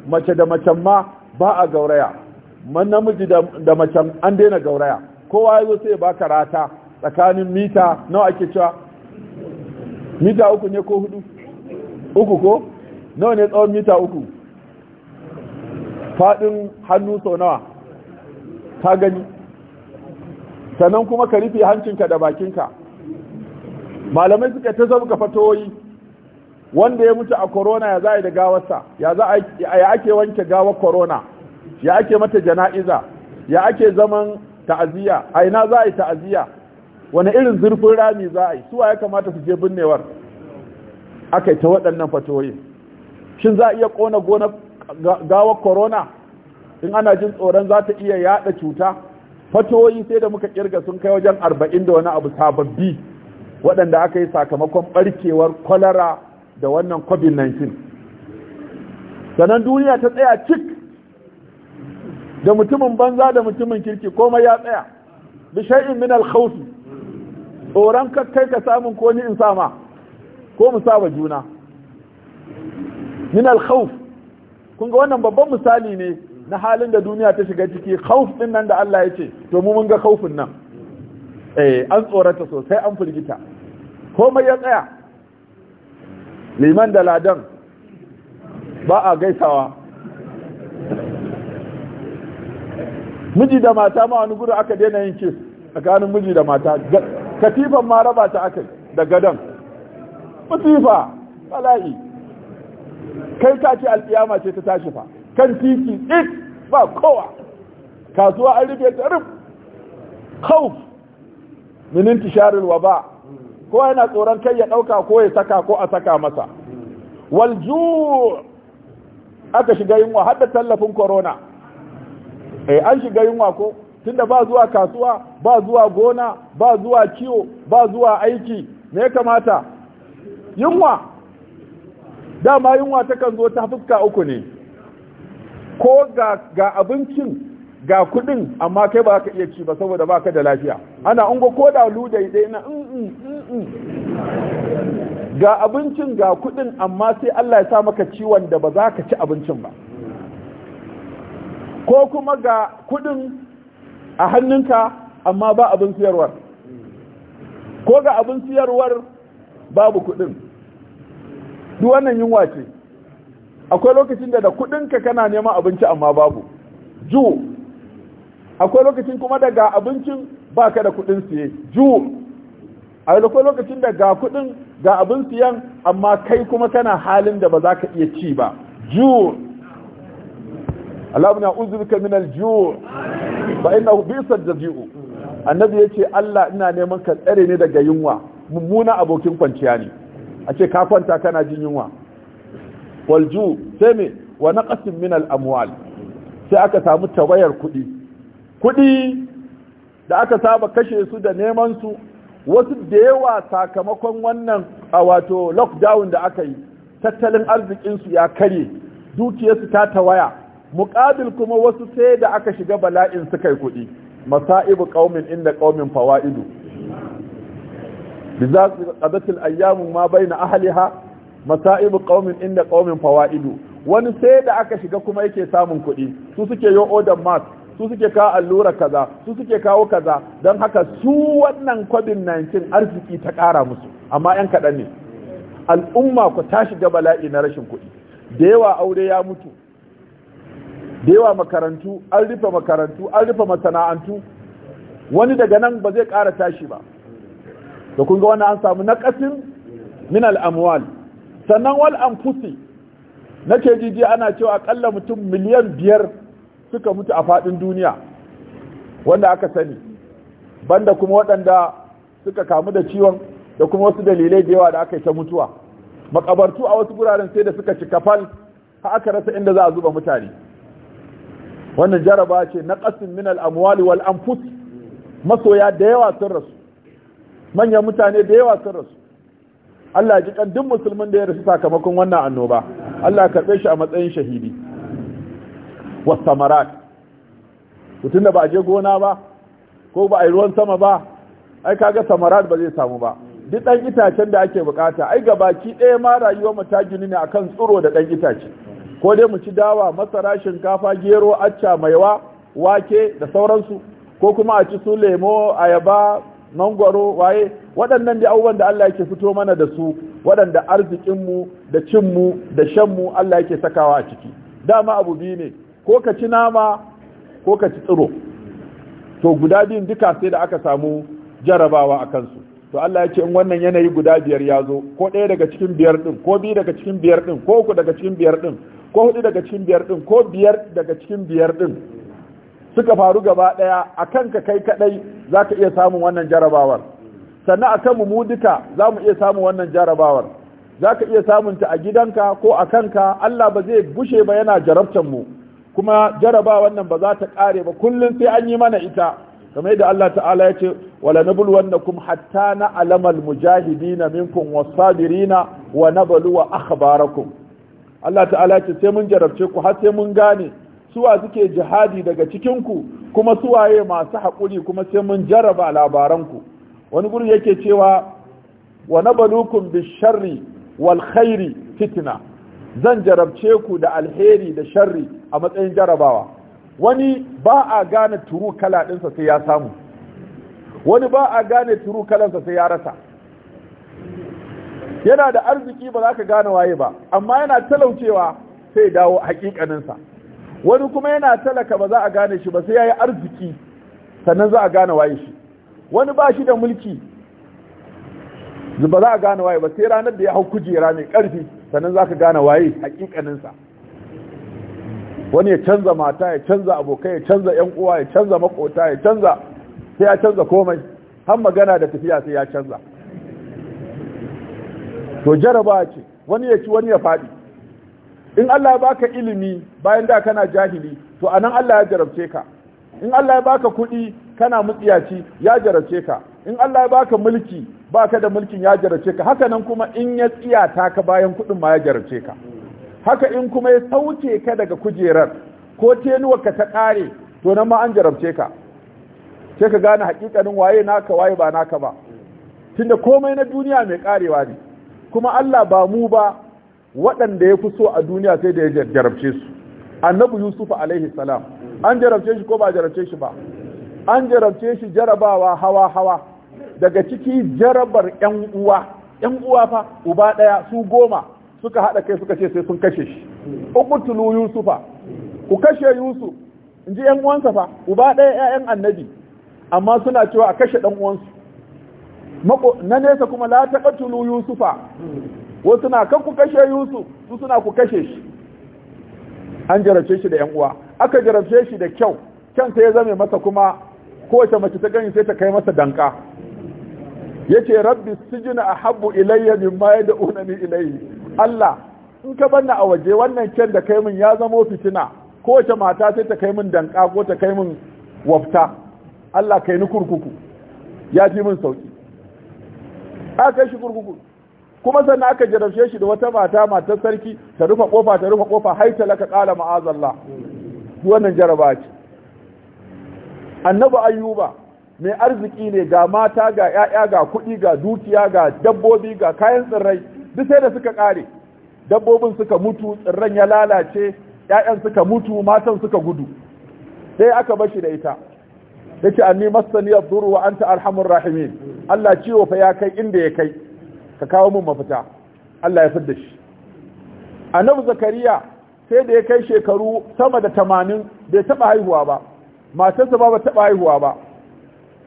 mace da macen ma ba a gauraya man namiji da macen an daina gauraya kowa ya zo sai ba rata tsakanin mita nawa ake cewa mita uku ne ko hudu uku ko nawa ne tsawon mita uku faɗin hannu sau nawa ta gani sannan kuma ka rufe hancinka da bakinka malamai suka ta zama fatoyi wanda ya mutu a corona ya za a yi da gawarsa ya ake wanke gawar corona ya ake mata jana'iza ya ake zaman ta'aziyya a ina za a yi ta'aziyya wani irin zurfin rami za a yi suwa ya kamata su je binnewar aka yi ta waɗannan fatoyi shin za a iya ƙona gawar corona in ana jin tsoron za ta iya yaɗa cuta fatoyi sai da muka kirga sun kai wajen arba'in da wani abu sababbi waɗanda aka yi sakamakon ɓarkewar kwalara da wannan covid-19 sannan duniya ta tsaya cik da mutumin banza da mutumin kirki komai ya tsaya da sha'in min alkhawfi tsoron kai ka samun ko ni in sama ko mu saba juna min alkhawf kun ga wannan babban misali ne na halin da duniya ta shiga ciki khauf din nan da Allah ya ce to mu mun ga khaufin nan eh an tsorata sosai an firgita komai ya tsaya liman da ladan ba a gaisawa miji da mata ma wani gudu aka daina yin kiss tsakanin miji da mata katifan ma raba ta aka da gadon katifa bala'i kai ta ce alkiyama ce ta tashi fa kan titi it ba kowa kasuwa an rufe ta ruf minin tisharin wa ba, ko yana tsoron kai ya ɗauka, ko ya saka ko a saka masa wal aka shiga yunwa hadda tallafin corona eh an shiga yunwa ko tunda ba zuwa kasuwa ba zuwa gona ba zuwa kiwo ba zuwa aiki me kamata yunwa dama yunwa takan zo ta fuska uku ne ko ga abincin ga kudin amma kai ba ka iya ci ba saboda ba ka da lafiya ana ungo ko da ludai dai na mm, mm, mm, ga abincin ga kudin amma sai Allah ya sa maka ciwon da ba za ka ci abincin ba ko kuma ga kudin a hannunka amma ba abin siyarwar ko ga abin siyarwar babu kudin duk wannan yunwa ce akwai lokacin da da kuɗinka kana neman abinci amma babu ju akwai lokacin kuma da ga abincin baka da kuɗin siye ju akwai lokacin da ga kuɗin ga abin siyan amma kai kuma kana halin da ba za ka iya ci ba ju Allah na uzurka min alju fa bisa jazi'u annabi yace Allah ina neman ka tsare ne daga yunwa mummuna abokin kwanciya ne a ce ka kwanta kana jin yunwa walju sai me wa naƙasin min al-amwal sai aka samu tawayar kuɗi kuɗi da aka saba kashe su da neman su wasu da yawa sakamakon wannan a wato lockdown da aka yi tattalin arzikinsu ya karye dukiyarsu ta tawaya muƙabil kuma wasu sai da aka shiga bala'in su yi kuɗi masa'ibu ƙaumin, inda qaumin fawaidu bizat qadatil ayyamu ma baina ahliha masaibu qaumin inda qaumin fawaidu wani sai da aka shiga kuma yake samun kuɗi su suke yo order mask su suke ka allura kaza su suke kawo kaza dan haka su wannan covid-19 arziki ta ƙara musu amma 'yan kaɗan ne al'umma ku ta shiga bala'i na rashin kuɗi da yawa aure ya mutu da yawa makarantu an rufe makarantu an rufe masana'antu wani daga nan ba zai ƙara tashi ba da kun ga wani an samu naƙasin min al'amwal sannan wal na ke jiji ana cewa akalla mutum miliyan biyar suka mutu a faɗin duniya wanda aka sani banda kuma waɗanda suka kamu da ciwon da kuma wasu dalilai da yawa da aka yi ta mutuwa makabartu a wasu guraren sai da suka cika fal ha aka rasa inda za a zuba mutane wannan jaraba ce na ƙasin min al'amwali wal fusi masoya da yawa sun rasu manyan mutane da yawa sun rasu Allah ji kan duk musulmin da ya rasu sakamakon wannan annoba Allah karɓe shi a matsayin shahidi wasamarat mutum da ba a je gona ba ko ba a yi ruwan sama ba ai kaga samarat ba zai samu ba duk ɗan itacen da ake bukata ai ga baki ɗaya ma rayuwar mu ta gini ne akan tsuro da ɗan itace ko dai mu ci dawa masara shinkafa gero acca maiwa wake da sauransu ko kuma a ci su lemo ayaba mangwaro waye waɗannan da abubuwan da Allah yake fito mana da su waɗanda arzikinmu da cinmu da shanmu Allah yake sakawa a ciki dama abu biyu ne ko ka ci nama ko ka ci tsiro to guda biyun duka sai da aka samu jarabawa a kansu to Allah ya ce in wannan yanayi guda biyar ya zo ko ɗaya daga cikin biyar ɗin ko biyu daga cikin biyar ɗin ko uku daga cikin biyar ɗin ko huɗu daga cikin biyar ɗin ko biyar daga cikin biyar ɗin suka faru gaba ɗaya a kanka kai kaɗai za ka iya samun wannan jarabawar sannan akan mu mu duka za mu iya samun wannan jarabawar za ka iya samunta a gidanka ko a kanka Allah ba zai bushe ba yana jarabtan mu kuma jaraba wannan ba za ta kare ba kullum sai an yi mana ita kamar yadda Allah ta'ala ya ce wala nabluwannakum hatta na alamal mujahidina minkum was-sabirina wa akhbarakum Allah ta'ala ya ce sai mun jarabce ku har sai mun gane suwa suke jihadi daga cikin ku kuma suwaye masu haƙuri kuma sai mun jaraba labaran ku wani guri yake cewa wa nabluukum bisharri wal khairi fitna zan jarabce ku da alheri da sharri a matsayin jarabawa wani ba a gane turu kala ɗinsa sai ya samu wani ba a gane turu kalansa sai ya rasa yana da arziki ba za ka gane waye ba amma yana talaucewa sai dawo hakikaninsa wani kuma yana talaka ba za a gane shi ba sai ya yi arziki sannan za a gane waye shi wani ba shi da mulki ba za a gane waye ba sai ranar da ya hau kujera mai karfi sannan za ka gane waye hakikaninsa wani ya canza mata ya canza abokai ya canza yan uwa ya canza makota ya canza sai ya canza komai har magana da tafiya sai ya canza to jaraba ce wani ya ci wani ya faɗi in Allah ya baka ilimi bayan da kana jahili to anan Allah ya jarabce ka in Allah ya baka kuɗi kana mutsiyaci ya jarace ka in Allah ya baka mulki baka da mulkin ya jarace ka haka nan kuma in ya tsiyata ka bayan kudin ma ya jarace ka haka in kuma ya sauke ka daga kujerar ko tenuwarka ta kare to nan ma an jarabce ka sai ka gane hakikanin waye naka waye ba naka ba tunda komai na duniya mai karewa ne kuma Allah ba mu ba waɗanda ya fi so a duniya sai da ya jarabce su annabi yusuf alaihi salam an jarabce shi ko ba jarabce shi ba an jarabce shi jarabawa hawa hawa daga ciki jarabar yan uwa yan uwa fa uba daya su goma suka hada kai suka ce sai sun kashe shi ukutulu yusufa ku kashe yusuf in ji yan uwansa fa uba daya 'ya'yan annabi amma suna cewa a kashe dan uwansu na nesa kuma la taqtulu yusufa wasu na kan ku kashe yusuf su suna ku kashe shi an jarabce shi da yan uwa aka jarabce shi da kyau kanta ya zame masa kuma kowace mace ta gani sai ta kai masa danka yace rabbi sijina ahabbu ilayya da unani ilayhi Allah in ka banna a waje wannan kyan da kai min ya zama fitina kowace mata sai ta kai min danka ko ta kai min wafta Allah kai ni kurkuku ya ji min sauki aka shi kurkuku kuma sannan aka jarabce shi da wata mata matar sarki ta rufe kofa ta rufe kofa haita laka qala ma'azallah wannan jaraba ce annabi ayyuba mai arziki ne ga mata ga ‘ya'ya ga kuɗi ga dukiya ga dabbobi ga kayan tsirrai duk sai da suka ƙare dabbobin suka mutu tsirran ya lalace ‘ya'yan suka mutu matan suka gudu sai aka bashi da ita yace anni masani abduru wa anta arhamur rahimin Allah ciwo fa ya kai inda ya kai ka kawo min mafita Allah ya fidda shi annabi zakariya sai da ya kai shekaru sama da tamanin bai taɓa haihuwa ba matarsa ba ba taɓa haihuwa ba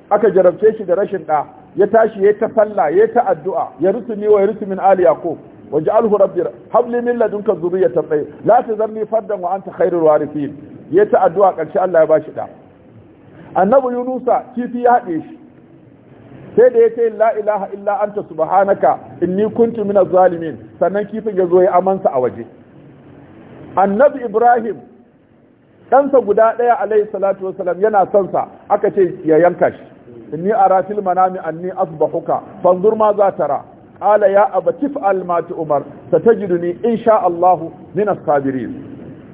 aka jarabce shi da rashin ɗa ya tashi ya ta sallah ya ta addu'a ya rusumi wa ya rusumin ali yaqub waj'alhu rabbi habli min ladunka dhurriyatan tayyib la tazarni fardan wa anta khairul warithin ya ta addu'a karshe Allah ya bashi ɗa annabi yunusa kifi ya haɗe shi sai da ya ce la ilaha illa anta subhanaka inni kuntu minaz zalimin sannan kifin ya zo ya amansa a waje annabi ibrahim ɗansa guda ɗaya alaihi salatu wasalam yana son sa aka ce ya yanka shi inni ara manami anni asbahuka fanzur ma za tara qala ya abati fa'al ma tu'mar satajiduni insha Allah min as-sabirin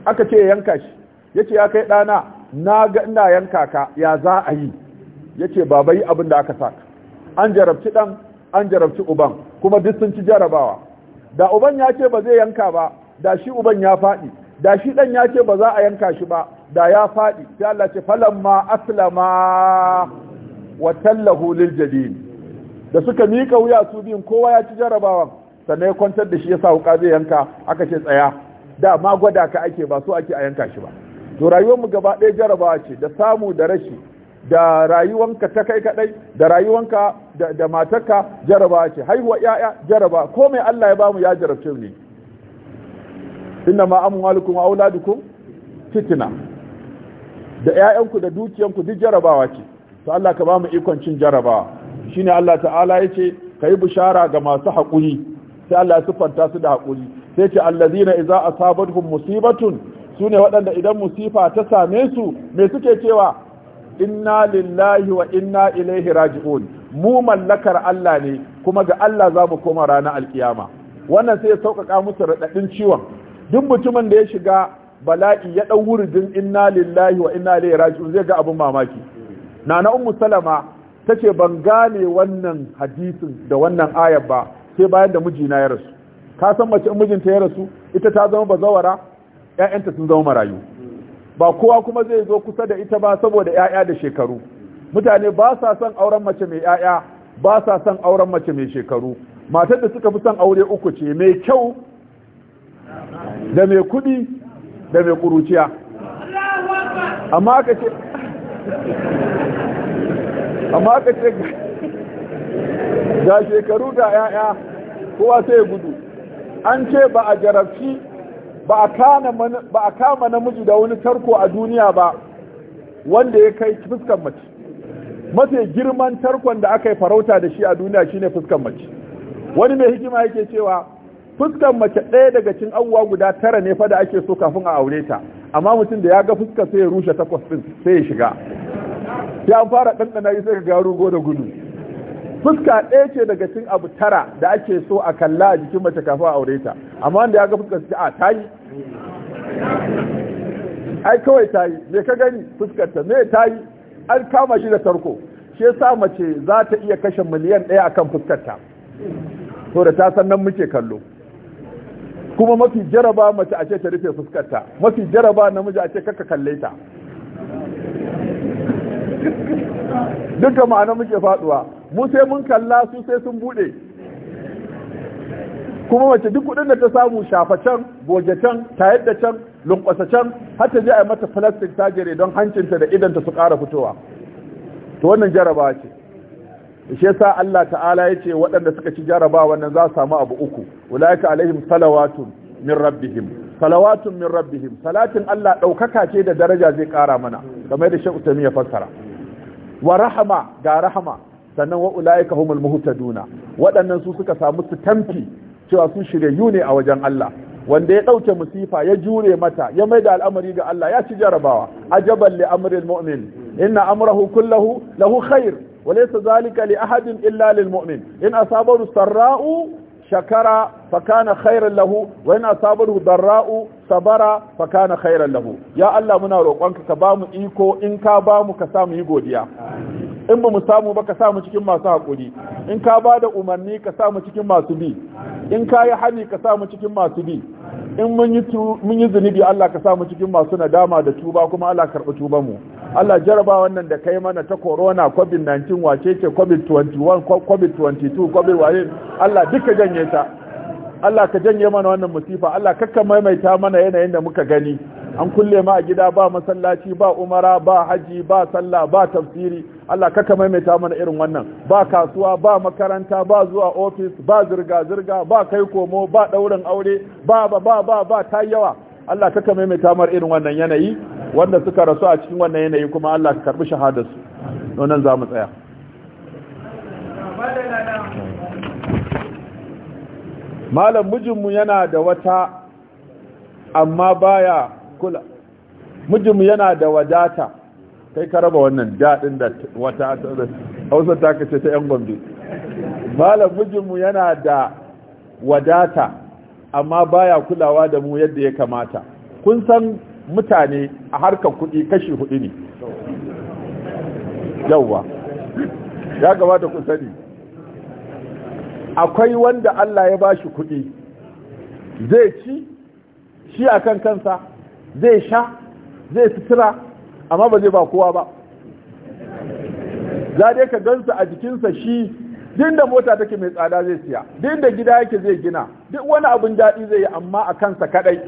aka ce ya yanka shi yace ya kai dana na ga ina yanka ka ya za a yi yace baba yi abin da aka saka an jarabci dan an jarabci uban kuma duk sun ci jarabawa da uban ya ce ba zai yanka ba da shi uban ya faɗi da shi ɗan ya ce ba za a yanka shi ba da ya faɗi sai Allah ce falamma aslama wa tallahu lil jadid da suka mika wuya su biyun kowa ya ci jarabawa sannan ya kwantar da shi ya sa wuka zai yanka aka ce tsaya da ma gwada ka ake ba so ake a yanka shi ba to rayuwarmu gaba ɗaya jarabawa ce da samu da rashi da rayuwanka ta kai kadai da rayuwanka da matarka jarabawa ce haihuwa yaya jaraba Komai Allah ya bamu ya jarabce ne inna ma amwalukum wa auladukum fitna da ƴaƴanku da dukiyanku duk jarabawa ce to Allah ka bamu ikon cin jarabawa shine Allah ta'ala yace kai bishara ga masu haƙuri sai Allah ya siffanta su da haƙuri sai ce allazina idza asabatuhum musibatun sune waɗanda idan musifa ta same su me suke cewa inna lillahi wa inna ilaihi raji'un mu mallakar Allah ne kuma ga Allah za mu koma ranar alkiyama wannan sai ya sauƙaƙa musu raɗaɗin ciwon duk mutumin da ya shiga bala'i ya ɗau wuridin inna lillahi wa inna ilaihi raji'un zai ga abin mamaki nana ummu salama tace ban gane wannan hadisin da wannan ayar ba sai bayan da mijina ya rasu ka san mace mijinta ya rasu ita ta zama bazawara ƴaƴanta sun zama marayu ba kowa kuma zai zo kusa da ita ba saboda ƴaƴa da shekaru mutane ba sa son auren mace mai ƴaƴa ba sa son auren mace mai shekaru matar da suka fi son aure uku ce mai kyau da mai kudi da mai kuruciya amma aka ce amma aka ce ga shekaru da ya'ya kowa sai gudu an ce ba a jarabci ba a kama namiji da wani tarko a duniya ba wanda ya kai fuskan mace mafi girman tarkon da aka yi farauta da shi a duniya shine fuskan mace wani mai hikima yake cewa fuskar mace ɗaya daga cikin abubuwa guda tara ne fa da ake so kafin a aure ta amma mutum da ya ga fuskar sai ya rushe takwas ɗin sai ya shiga sai an fara ɗanɗana yi sai ka garu go da gudu fuska ɗaya ce daga cikin abu tara da ake so a kalla a jikin mace kafin a aure ta amma wanda ya ga fuskar sai a ta yi ai kawai ta yi me ka gani fuskar ta me ta yi an kama shi da tarko shi yasa mace za ta iya kashe miliyan ɗaya akan fuskar ta to da ta san nan muke kallo kuma mafi jaraba mace a ce ta rufe fuskarta mafi jaraba namiji a ce kaka kalle ta duka ma'ana muke faduwa mu sai mun kalla su sai sun bude kuma mace duk kudin da ta samu shafacen bogecen tayar da can lunkwasacen har ta je a mata plastic surgery don hancinta da idanta su kara fitowa to wannan jaraba ce shi yasa Allah ta'ala yace waɗanda suka ci jaraba wannan za su samu abu uku ulaika alaihim salawatun min rabbihim salawatun min rabbihim salatin Allah daukaka ce da daraja zai kara mana kamar da Sheikh Utami ya fassara wa rahama ga rahama sannan wa ulaika humul muhtaduna waɗannan su suka samu su tamfi cewa su shiryayyu ne a wajen Allah wanda ya ɗauke musifa ya jure mata ya mai da al'amari ga Allah ya ci jarabawa ajaban li amril mu'min inna amrahu kullahu lahu khair walaysa zalika li ahadin illa mu'min in asabahu sarra'u shakara fakana khairan lahu wa in asabahu darra'u sabara fakana khairan lahu ya Allah muna roƙonka ka bamu iko in ka bamu ka samu yi godiya in ba mu samu ba ka samu cikin masu haƙuri in ka ba da umarni ka samu cikin masu bi in ka yi hani ka samu cikin masu bi in mun yi zunubi Allah ka samu cikin masu nadama da tuba kuma Allah karɓi tubanmu Allah jaraba wannan da kai mana ta corona covid 19 wace ce covid 21 covid 22 covid waye Allah duka janye ta Allah ka janye mana wannan musifa Allah kakka maimaita mana yanayin da muka gani an kulle ma a gida ba masallaci ba umara ba haji ba sallah ba tafsiri Allah kakka maimaita mana irin wannan ba kasuwa ba makaranta ba zuwa ofis ba zirga zirga ba kai komo ba daurin aure ba ba ba ba, ta yawa Allah kakka maimaita mana irin wannan yanayi wanda suka rasu a cikin wannan yanayi kuma Allah ka karbi shahadarsu nan za mu tsaya malam mijinmu yana da wata amma baya kula mijinmu yana da wadata kai ka raba wannan daɗin da wata hausa ta kace ta 'yan gombe malam mijinmu yana da wadata amma baya kulawa da mu yadda ya kamata kun san mutane a harkar kuɗi kashi hudu ne yauwa ya gaba ku sani akwai wanda Allah ya bashi kuɗi zai ci shi a kan kansa zai sha zai sutura amma ba zai ba kowa ba za dai ka gansa a jikinsa shi din da mota take mai tsada zai siya din da gida yake zai gina duk wani abin daɗi zai yi amma a kansa kaɗai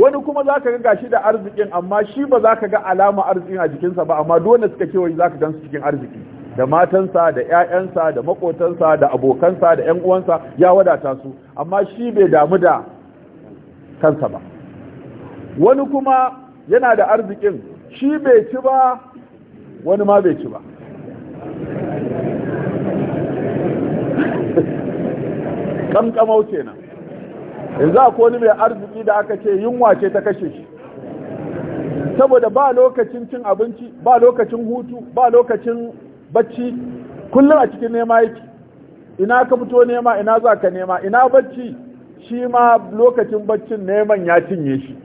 wani kuma za ka ga shi da arzikin amma shi ba za ka ga alama arzikin a jikinsa ba amma dole suka wani za ka gansu cikin arziki da matansa da 'ya'yansa da makotansa da abokansa da 'yan uwansa ya wadata su amma shi bai damu da kansa ba wani kuma yana da arzikin shi bai ci ba wani ma bai ci ba kamkamau kenan yanzu akwai wani mai arziki da aka ce yunwa ce ta kashe shi saboda ba lokacin cin abinci ba lokacin hutu ba lokacin bacci kullum a cikin nema yake ina ka fito nema ina za ka nema ina bacci shi ma lokacin baccin neman ya cinye shi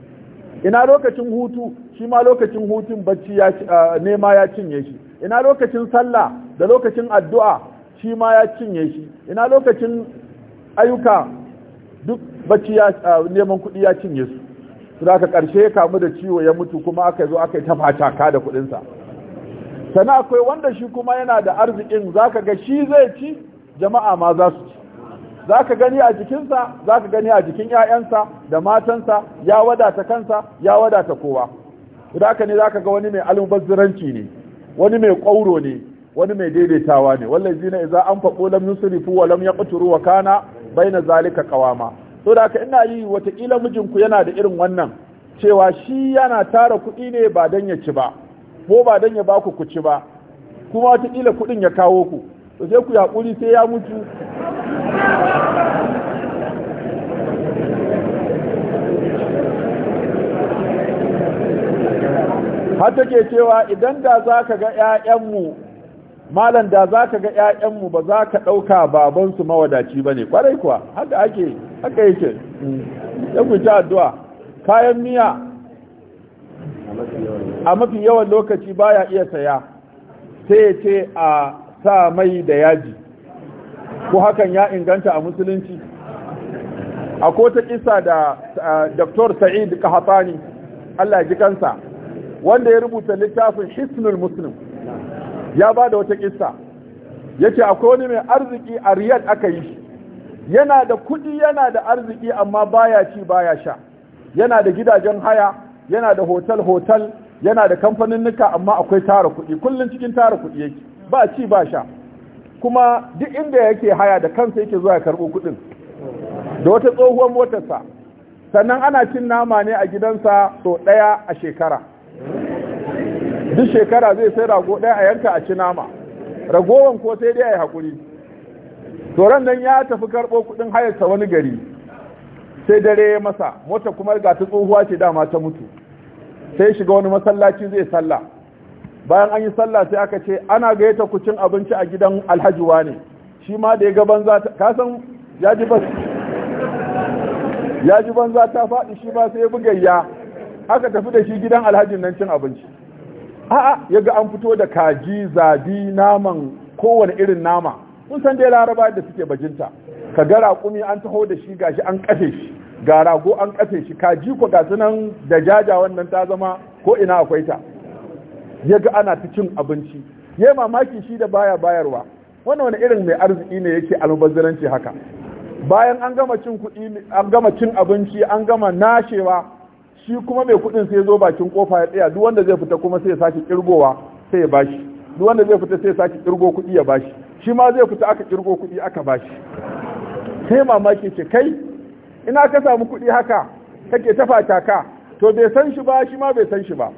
ina lokacin hutu shi ma lokacin hutun bacci ya ah, nema ya cinye shi ina lokacin sallah da lokacin addu'a shi ma ya cinye shi ina lokacin ayyuka duk bacci ya neman kuɗi ya cinye su su da aka ƙarshe ya kamu da ciwo ya mutu kuma aka zo aka yi ta fataka da kuɗinsa sana akwai wanda shi kuma yana da arzikin za ka ga shi zai ci jama'a ma za su ci za ka gani a jikinsa za ka gani a jikin 'ya'yansa da matansa ya wadata kansa ya wadata kowa da haka ne za ka ga wani mai albazziranci ne wani mai ƙwauro ne wani mai daidaitawa ne wallazi zina idan an faɓo lam yusrifu wa lam yaqturu wa kana baina zalika qawama so da ina yi watakila mijinku yana da irin wannan cewa shi yana tara kuɗi ne ba don ya ci ba ko ba don ya baku ku ci ba kuma watakila kuɗin ya kawo ku to sai ku yaƙuri sai ya mutu har take cewa idan da za ka ga 'ya'yanmu malam da za ka ga 'ya'yanmu ba za ka ɗauka babansu mawadaci ba ne ƙwarai kuwa haka ake haka yake ya ku ta addu'a kayan miya a mafi yawan lokaci baya iya saya sai ya ce a sa mai da yaji ko hakan ya inganta a musulunci a kota kisa da dr sa'id kahafani allah ji kansa wanda ya rubuta littafin hisnul muslim ya ba da wata kisa ya ce akwai wani mai arziki a riyad aka yi shi yana da kuɗi yana da arziki amma baya ci baya sha yana da gidajen haya yana da hotel hotel yana da kamfanin nuka amma akwai tara kuɗi kullum cikin tara kuɗi yake ba ci ba sha kuma duk inda yake haya da kansa yake zuwa ya karɓo kuɗin da wata tsohuwar motarsa sannan ana cin nama ne a gidansa sau ɗaya a shekara duk shekara zai sai rago ɗaya a yanka a ci nama ragowan ko sai dai a yi hakuri. toron nan ya tafi karɓo kuɗin hayarsa wani gari sai dare ya masa mota kuma ga ta tsohuwa ce dama ta mutu sai shiga wani masallaci zai salla, bayan an yi sallah sai aka ce ana gayyata ku cin abinci a gidan alhaji wane shi ma da ya ga banza ka san yaji bas yaji banza ta faɗi shi ba sai ya buga ya aka tafi da shi gidan alhaji nan cin abinci a'a ya ga an fito da kaji zabi naman kowane irin nama kun san dai laraba da suke bajinta ka ga raƙumi an taho da shi gashi an kashe shi ga rago an kashe shi kaji ko ga sunan da jaja wannan ta zama ko ina akwai ta ya ga ana ta cin abinci ya mamaki shi da baya bayarwa wannan wani irin mai arziki ne yake almubazzaranci haka bayan an gama cin kuɗi an gama cin abinci an gama nashewa shi kuma mai kuɗin sai zo bakin kofa ya tsaya duk wanda zai fita kuma sai ya sake kirgowa sai ya bashi duk wanda zai fita sai saki kirgo kuɗi ya bashi shi ma zai fita aka kirgo kuɗi aka bashi sai mamaki ce kai ina ka samu kuɗi haka kake ta ka to bai san shi ba shi ma bai san shi ba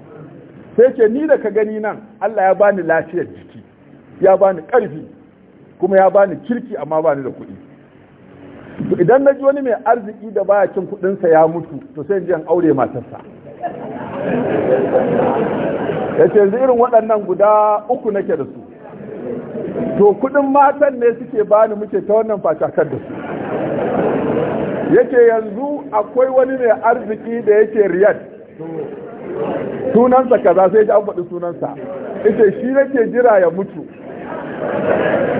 sai ce ni da ka gani nan Allah ya bani lafiyar jiki ya bani ƙarfi kuma ya bani kirki amma bani da kuɗi to idan na ji wani mai arziki da baya cin sa ya mutu to sai jiyan aure matarsa ya ce yanzu irin waɗannan guda uku nake da su to kudin matan ne suke bani muke ta wannan fashakar da su yake yanzu akwai wani ne arziki da yake riyad sunansa kaza sai ji an faɗi sunansa ita shi nake jira ya mutu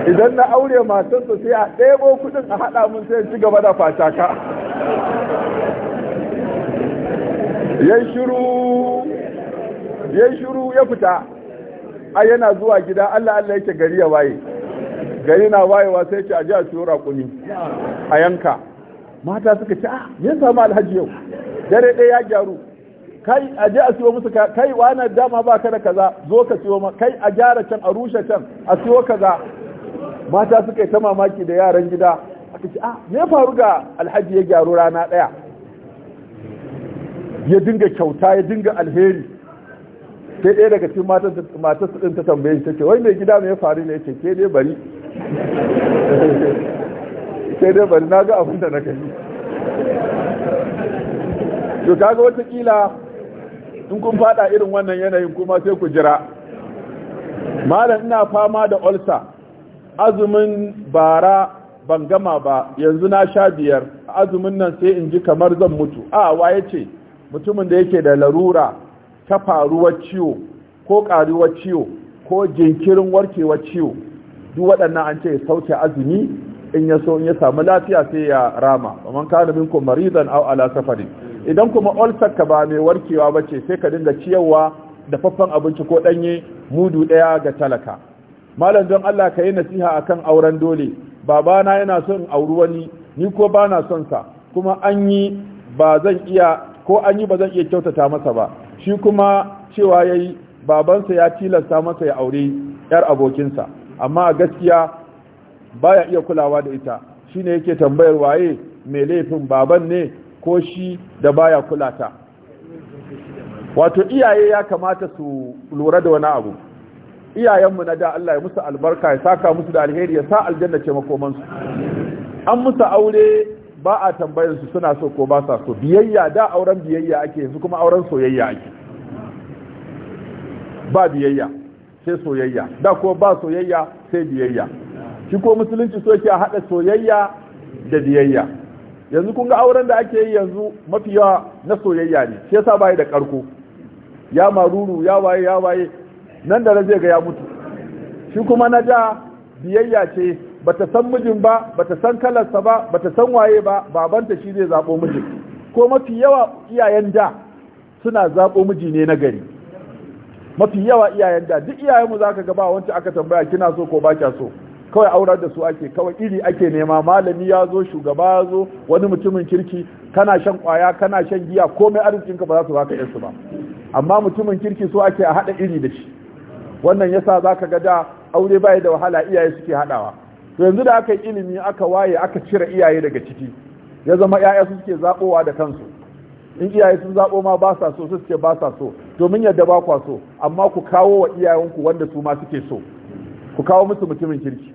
idan na aure matansa sai a ɗebo kudin a haɗa mun sai ci gaba da fashaka yan shiru ya shiru ya fita a yana zuwa gida Allah Allah yake gari ya waye gari na wayewa sai ce a ji a siyo a yanka mata suka ce ah me samu alhaji yau dare ɗaya ya gyaru kai a je a siyo musu kai wani dama ba ka da kaza zo ka siyo ma kai a gyara can a rushe can a siyo kaza mata suka yi ta mamaki da yaran gida aka ce ah me faru ga alhaji ya gyaru rana ɗaya ya dinga kyauta ya dinga alheri sai ɗaya daga cikin matar su ɗin ta tambaye ta ce wai mai gida mai faru ne ce ke dai bari ke dai bari na ga abin da na kai. to kaga wata kila in kun fada irin wannan yanayin kuma sai ku jira malam ina fama da ulcer azumin bara ban gama ba yanzu na sha biyar azumin nan sai in ji kamar zan mutu a waye ce mutumin da yake da larura ta faruwar ciwo ko ƙaruwar ciwo ko jinkirin warkewar ciwo duk waɗannan an ce sauke azumi in ya so in ya samu lafiya sai ya rama ka da minkum maridan au ala safarin idan kuma ulcer ka ba mai warkewa bace sai ka dinga ciyawa da faffan abinci ko danye mudu daya ga talaka malam don Allah ka yi nasiha akan auren dole babana yana son auri wani ni ko bana son sa kuma an yi ba zan iya ko an yi ba zan iya kyautata masa ba shi kuma cewa ya yi babansa ya tilasta masa ya aure ‘yar abokinsa amma a gaskiya baya iya kulawa da ita shi ne yake tambayar waye mai laifin baban ne ko shi da baya kulata wato iyaye ya kamata su lura da wani abu iyayenmu na da Allah ya musu albarka ya saka musu da alheri ya sa aljanna ce makomansu an musu aure ba a tambayar su suna so ko ba sa so biyayya da auren biyayya ake yanzu kuma auren soyayya ake ba biyayya sai soyayya da ko ba soyayya sai biyayya shi ko musulunci so yake hada soyayya da biyayya yanzu kun ga auren da ake yi yanzu mafi yawa na soyayya ne shi yasa bai da karko ya maruru ya waye ya waye nan da zai ga ya mutu shi kuma na da biyayya ce bata san mijin ba bata san kalarsa ba bata san waye ba babanta shi zai zaɓo mijin ko mafi yawa iyayen da suna zaɓo miji ne na gari mafi yawa iyayen da duk iyayenmu za ka gaba wancan aka tambaya kina so ko ba kya so kawai aurar da su ake kawai iri ake nema malami ya zo shugaba ya zo wani mutumin kirki kana shan kwaya kana shan giya komai arzikinka ba za su baka 'yansu ba amma mutumin kirki so ake a haɗa iri da shi wannan yasa za ka ga da aure bai da wahala iyaye suke haɗawa to yanzu da aka yi ilimi aka waye aka cire iyaye daga ciki ya zama yaya su suke zabowa da kansu in iyaye sun zabo ma ba sa so su suke ba sa so domin yadda ba kwa so amma ku kawo wa iyayenku wanda su ma suke so ku kawo musu mutumin kirki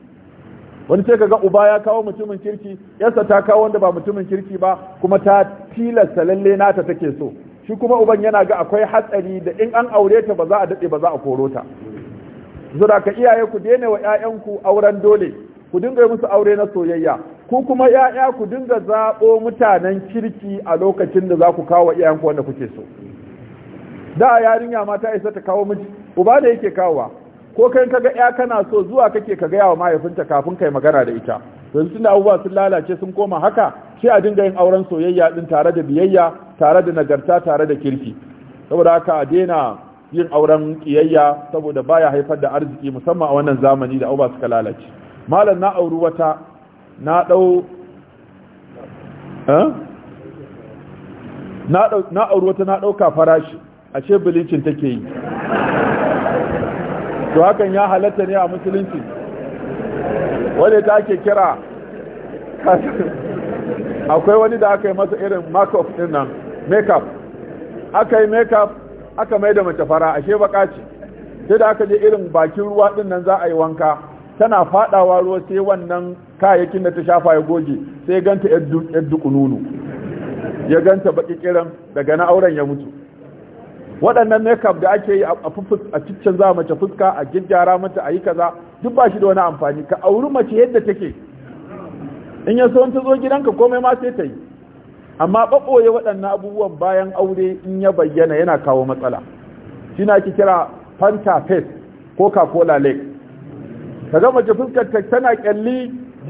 wani ka ga uba ya kawo mutumin kirki yarsa ta kawo wanda ba mutumin kirki ba kuma ta tilasta lalle nata take so shi kuma uban yana ga akwai hatsari da in an aure ta ba za a daɗe ba za a koro ta ka iyaye ku daina wa ƴaƴanku auren dole ku dinga musu aure na soyayya ku kuma ya'ya ku dinga zaɓo mutanen kirki a lokacin da za ku kawo iyayenku wanda kuke so da yarinya mata ta isa ta kawo miji uba da yake kawowa ko kai ga ya kana so zuwa kake ka gaya wa mahaifinta kafin kai magana da ita yanzu tunda abubuwa sun lalace sun koma haka sai a dinga yin auren soyayya din tare da biyayya tare da nagarta tare da kirki saboda haka a daina yin auren kiyayya saboda baya haifar da arziki musamman a wannan zamani da abubuwa suka lalace malam na auri wata na dau eh? na auri wata na dauka farashi ashe bilincin take yi to hakan ya halatta ne a musulunci wanda ta ke kira akwai wani da aka yi masa irin makeup din nan makeup aka yi makeup aka mai da mace fara ashe baka ce sai da aka je irin bakin ruwa din nan za a yi wanka tana fadawa ruwa sai wannan kayakin da ta shafa ya goge sai ya ganta yar nunu, ya ganta baki kiran daga na auren ya mutu waɗannan makeup da ake yi a fufus ciccin za mace fuska a gyaggyara mata a yi kaza duk ba shi da wani amfani ka auri mace yadda take in ya so ta zo gidanka komai ma sai ta yi amma ɓaɓɓoye waɗannan abubuwan bayan aure in ya bayyana yana kawo matsala shi na ake kira fanta fest coca cola lake kaga mace fuskar ta tana kyalli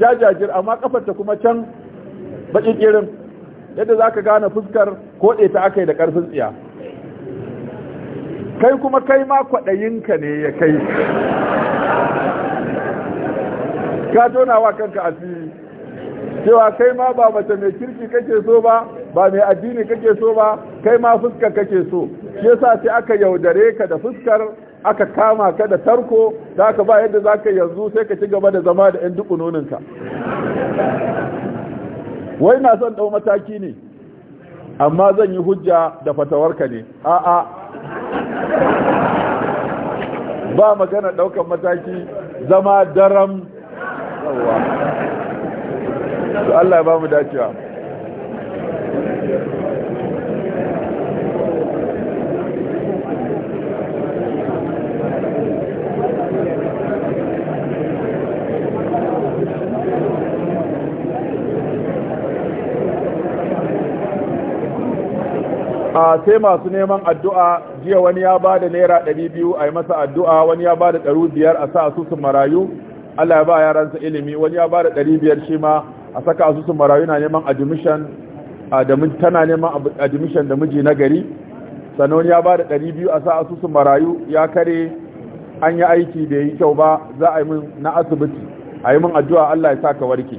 jajajir amma kafar ta kuma can baƙi ƙirin yadda za ka gane fuskar koɗe ta aka yi da ƙarfin tsiya kai kuma kai ma kwaɗayinka ne ya kai ka tona wa kanka asiri cewa kai ma ba mace mai kirki kake so ba ba mai addini kake so ba kai ma fuskar kake so shi yasa sai aka yaudare ka da fuskar aka kama ka da tarko da ka ba yadda za ka yanzu sai ka ci gaba da zama da 'yan dukunoninka wai na son ɗau mataki ne amma zan yi hujja da fatawarka ne a'a ba magana ɗaukan mataki zama daram Allah ya ba mu dacewa a sai masu neman addu'a jiya wani ya ba da naira ɗari biyu a yi masa addu'a wani ya ba da ɗaru biyar a sa asusun marayu allah ya ba yaransa ilimi wani ya ba da ɗari biyar shi ma a saka asusun marayu na neman admission tana neman admission da miji na gari sannan wani ya ba da ɗari biyu a sa asusun marayu ya kare an yi aiki da yi kyau ba za a yi min na asibiti a yi min addu'a allah ya sa ka warke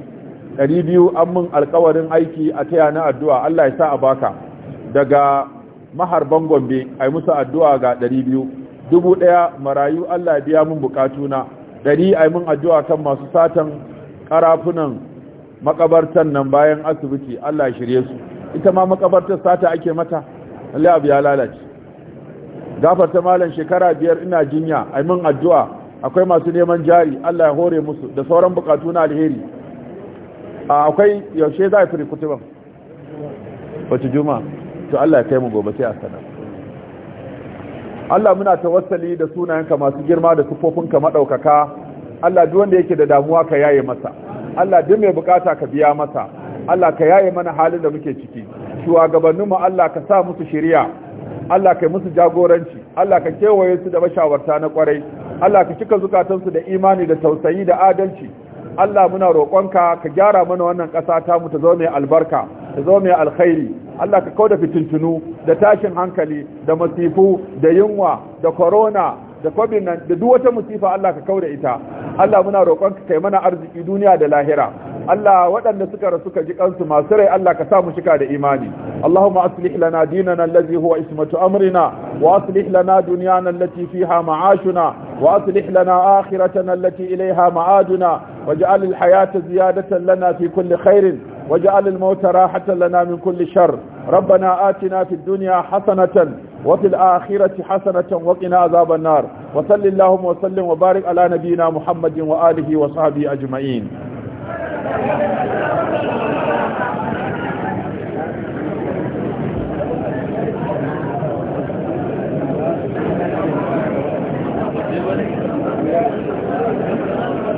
ɗari biyu an min alkawarin aiki a taya na addu'a allah ya sa a baka daga maharban gombe a yi musu addu'a ga ɗari biyu dubu ɗaya marayu allah biya mun bukatuna ɗari a yi mun addu'a kan masu satan ƙarafunan makabartan nan bayan asibiti allah shirye su ita ma makabartar sata ake mata allah biya ya lalace gafarta malam shekara biyar ina jinya a yi mun addu'a akwai masu neman jari allah ya hore musu da sauran bukatu na alheri akwai yaushe za a fi ba wace juma'a to Allah ya kai mu gobe sai a sanar Allah muna tawassali da sunayenka masu girma da sufofinka madaukaka Allah duk wanda yake da damuwa ka yaye masa Allah duk mai bukata ka biya masa Allah ka yaye mana halin da muke ciki Shuwagabanninmu Allah ka sa musu shiriya Allah ka musu jagoranci Allah ka kewaye su da mashawarta na kwarai Allah ka cika zukatansu da imani da tausayi da adalci Allah muna roƙonka ka gyara mana wannan ƙasa ta mu ta zo mai albarka ta zo mai alkhairi Allah ka kauda fitintunu da tashin hankali da masifu da yunwa da corona da covid nan da duk wata musifa Allah ka kauda ita Allah muna roƙon ka kai mana arziki duniya da lahira Allah waɗanda suka rasu ka ji kansu masu rai Allah ka sa mu shika da imani Allahumma aslih lana dinana allazi huwa ismatu amrina wa aslih lana dunyana allati fiha ma'ashuna wa aslih lana akhiratana allati ilayha ma'aduna waj'al al-hayata ziyadatan lana fi kulli khairin waj'al al-mauta rahatan lana min kulli shar ربنا آتنا في الدنيا حسنة وفي الآخرة حسنة وقنا عذاب النار وصل اللهم وسلم وبارك على نبينا محمد وآله وصحبه أجمعين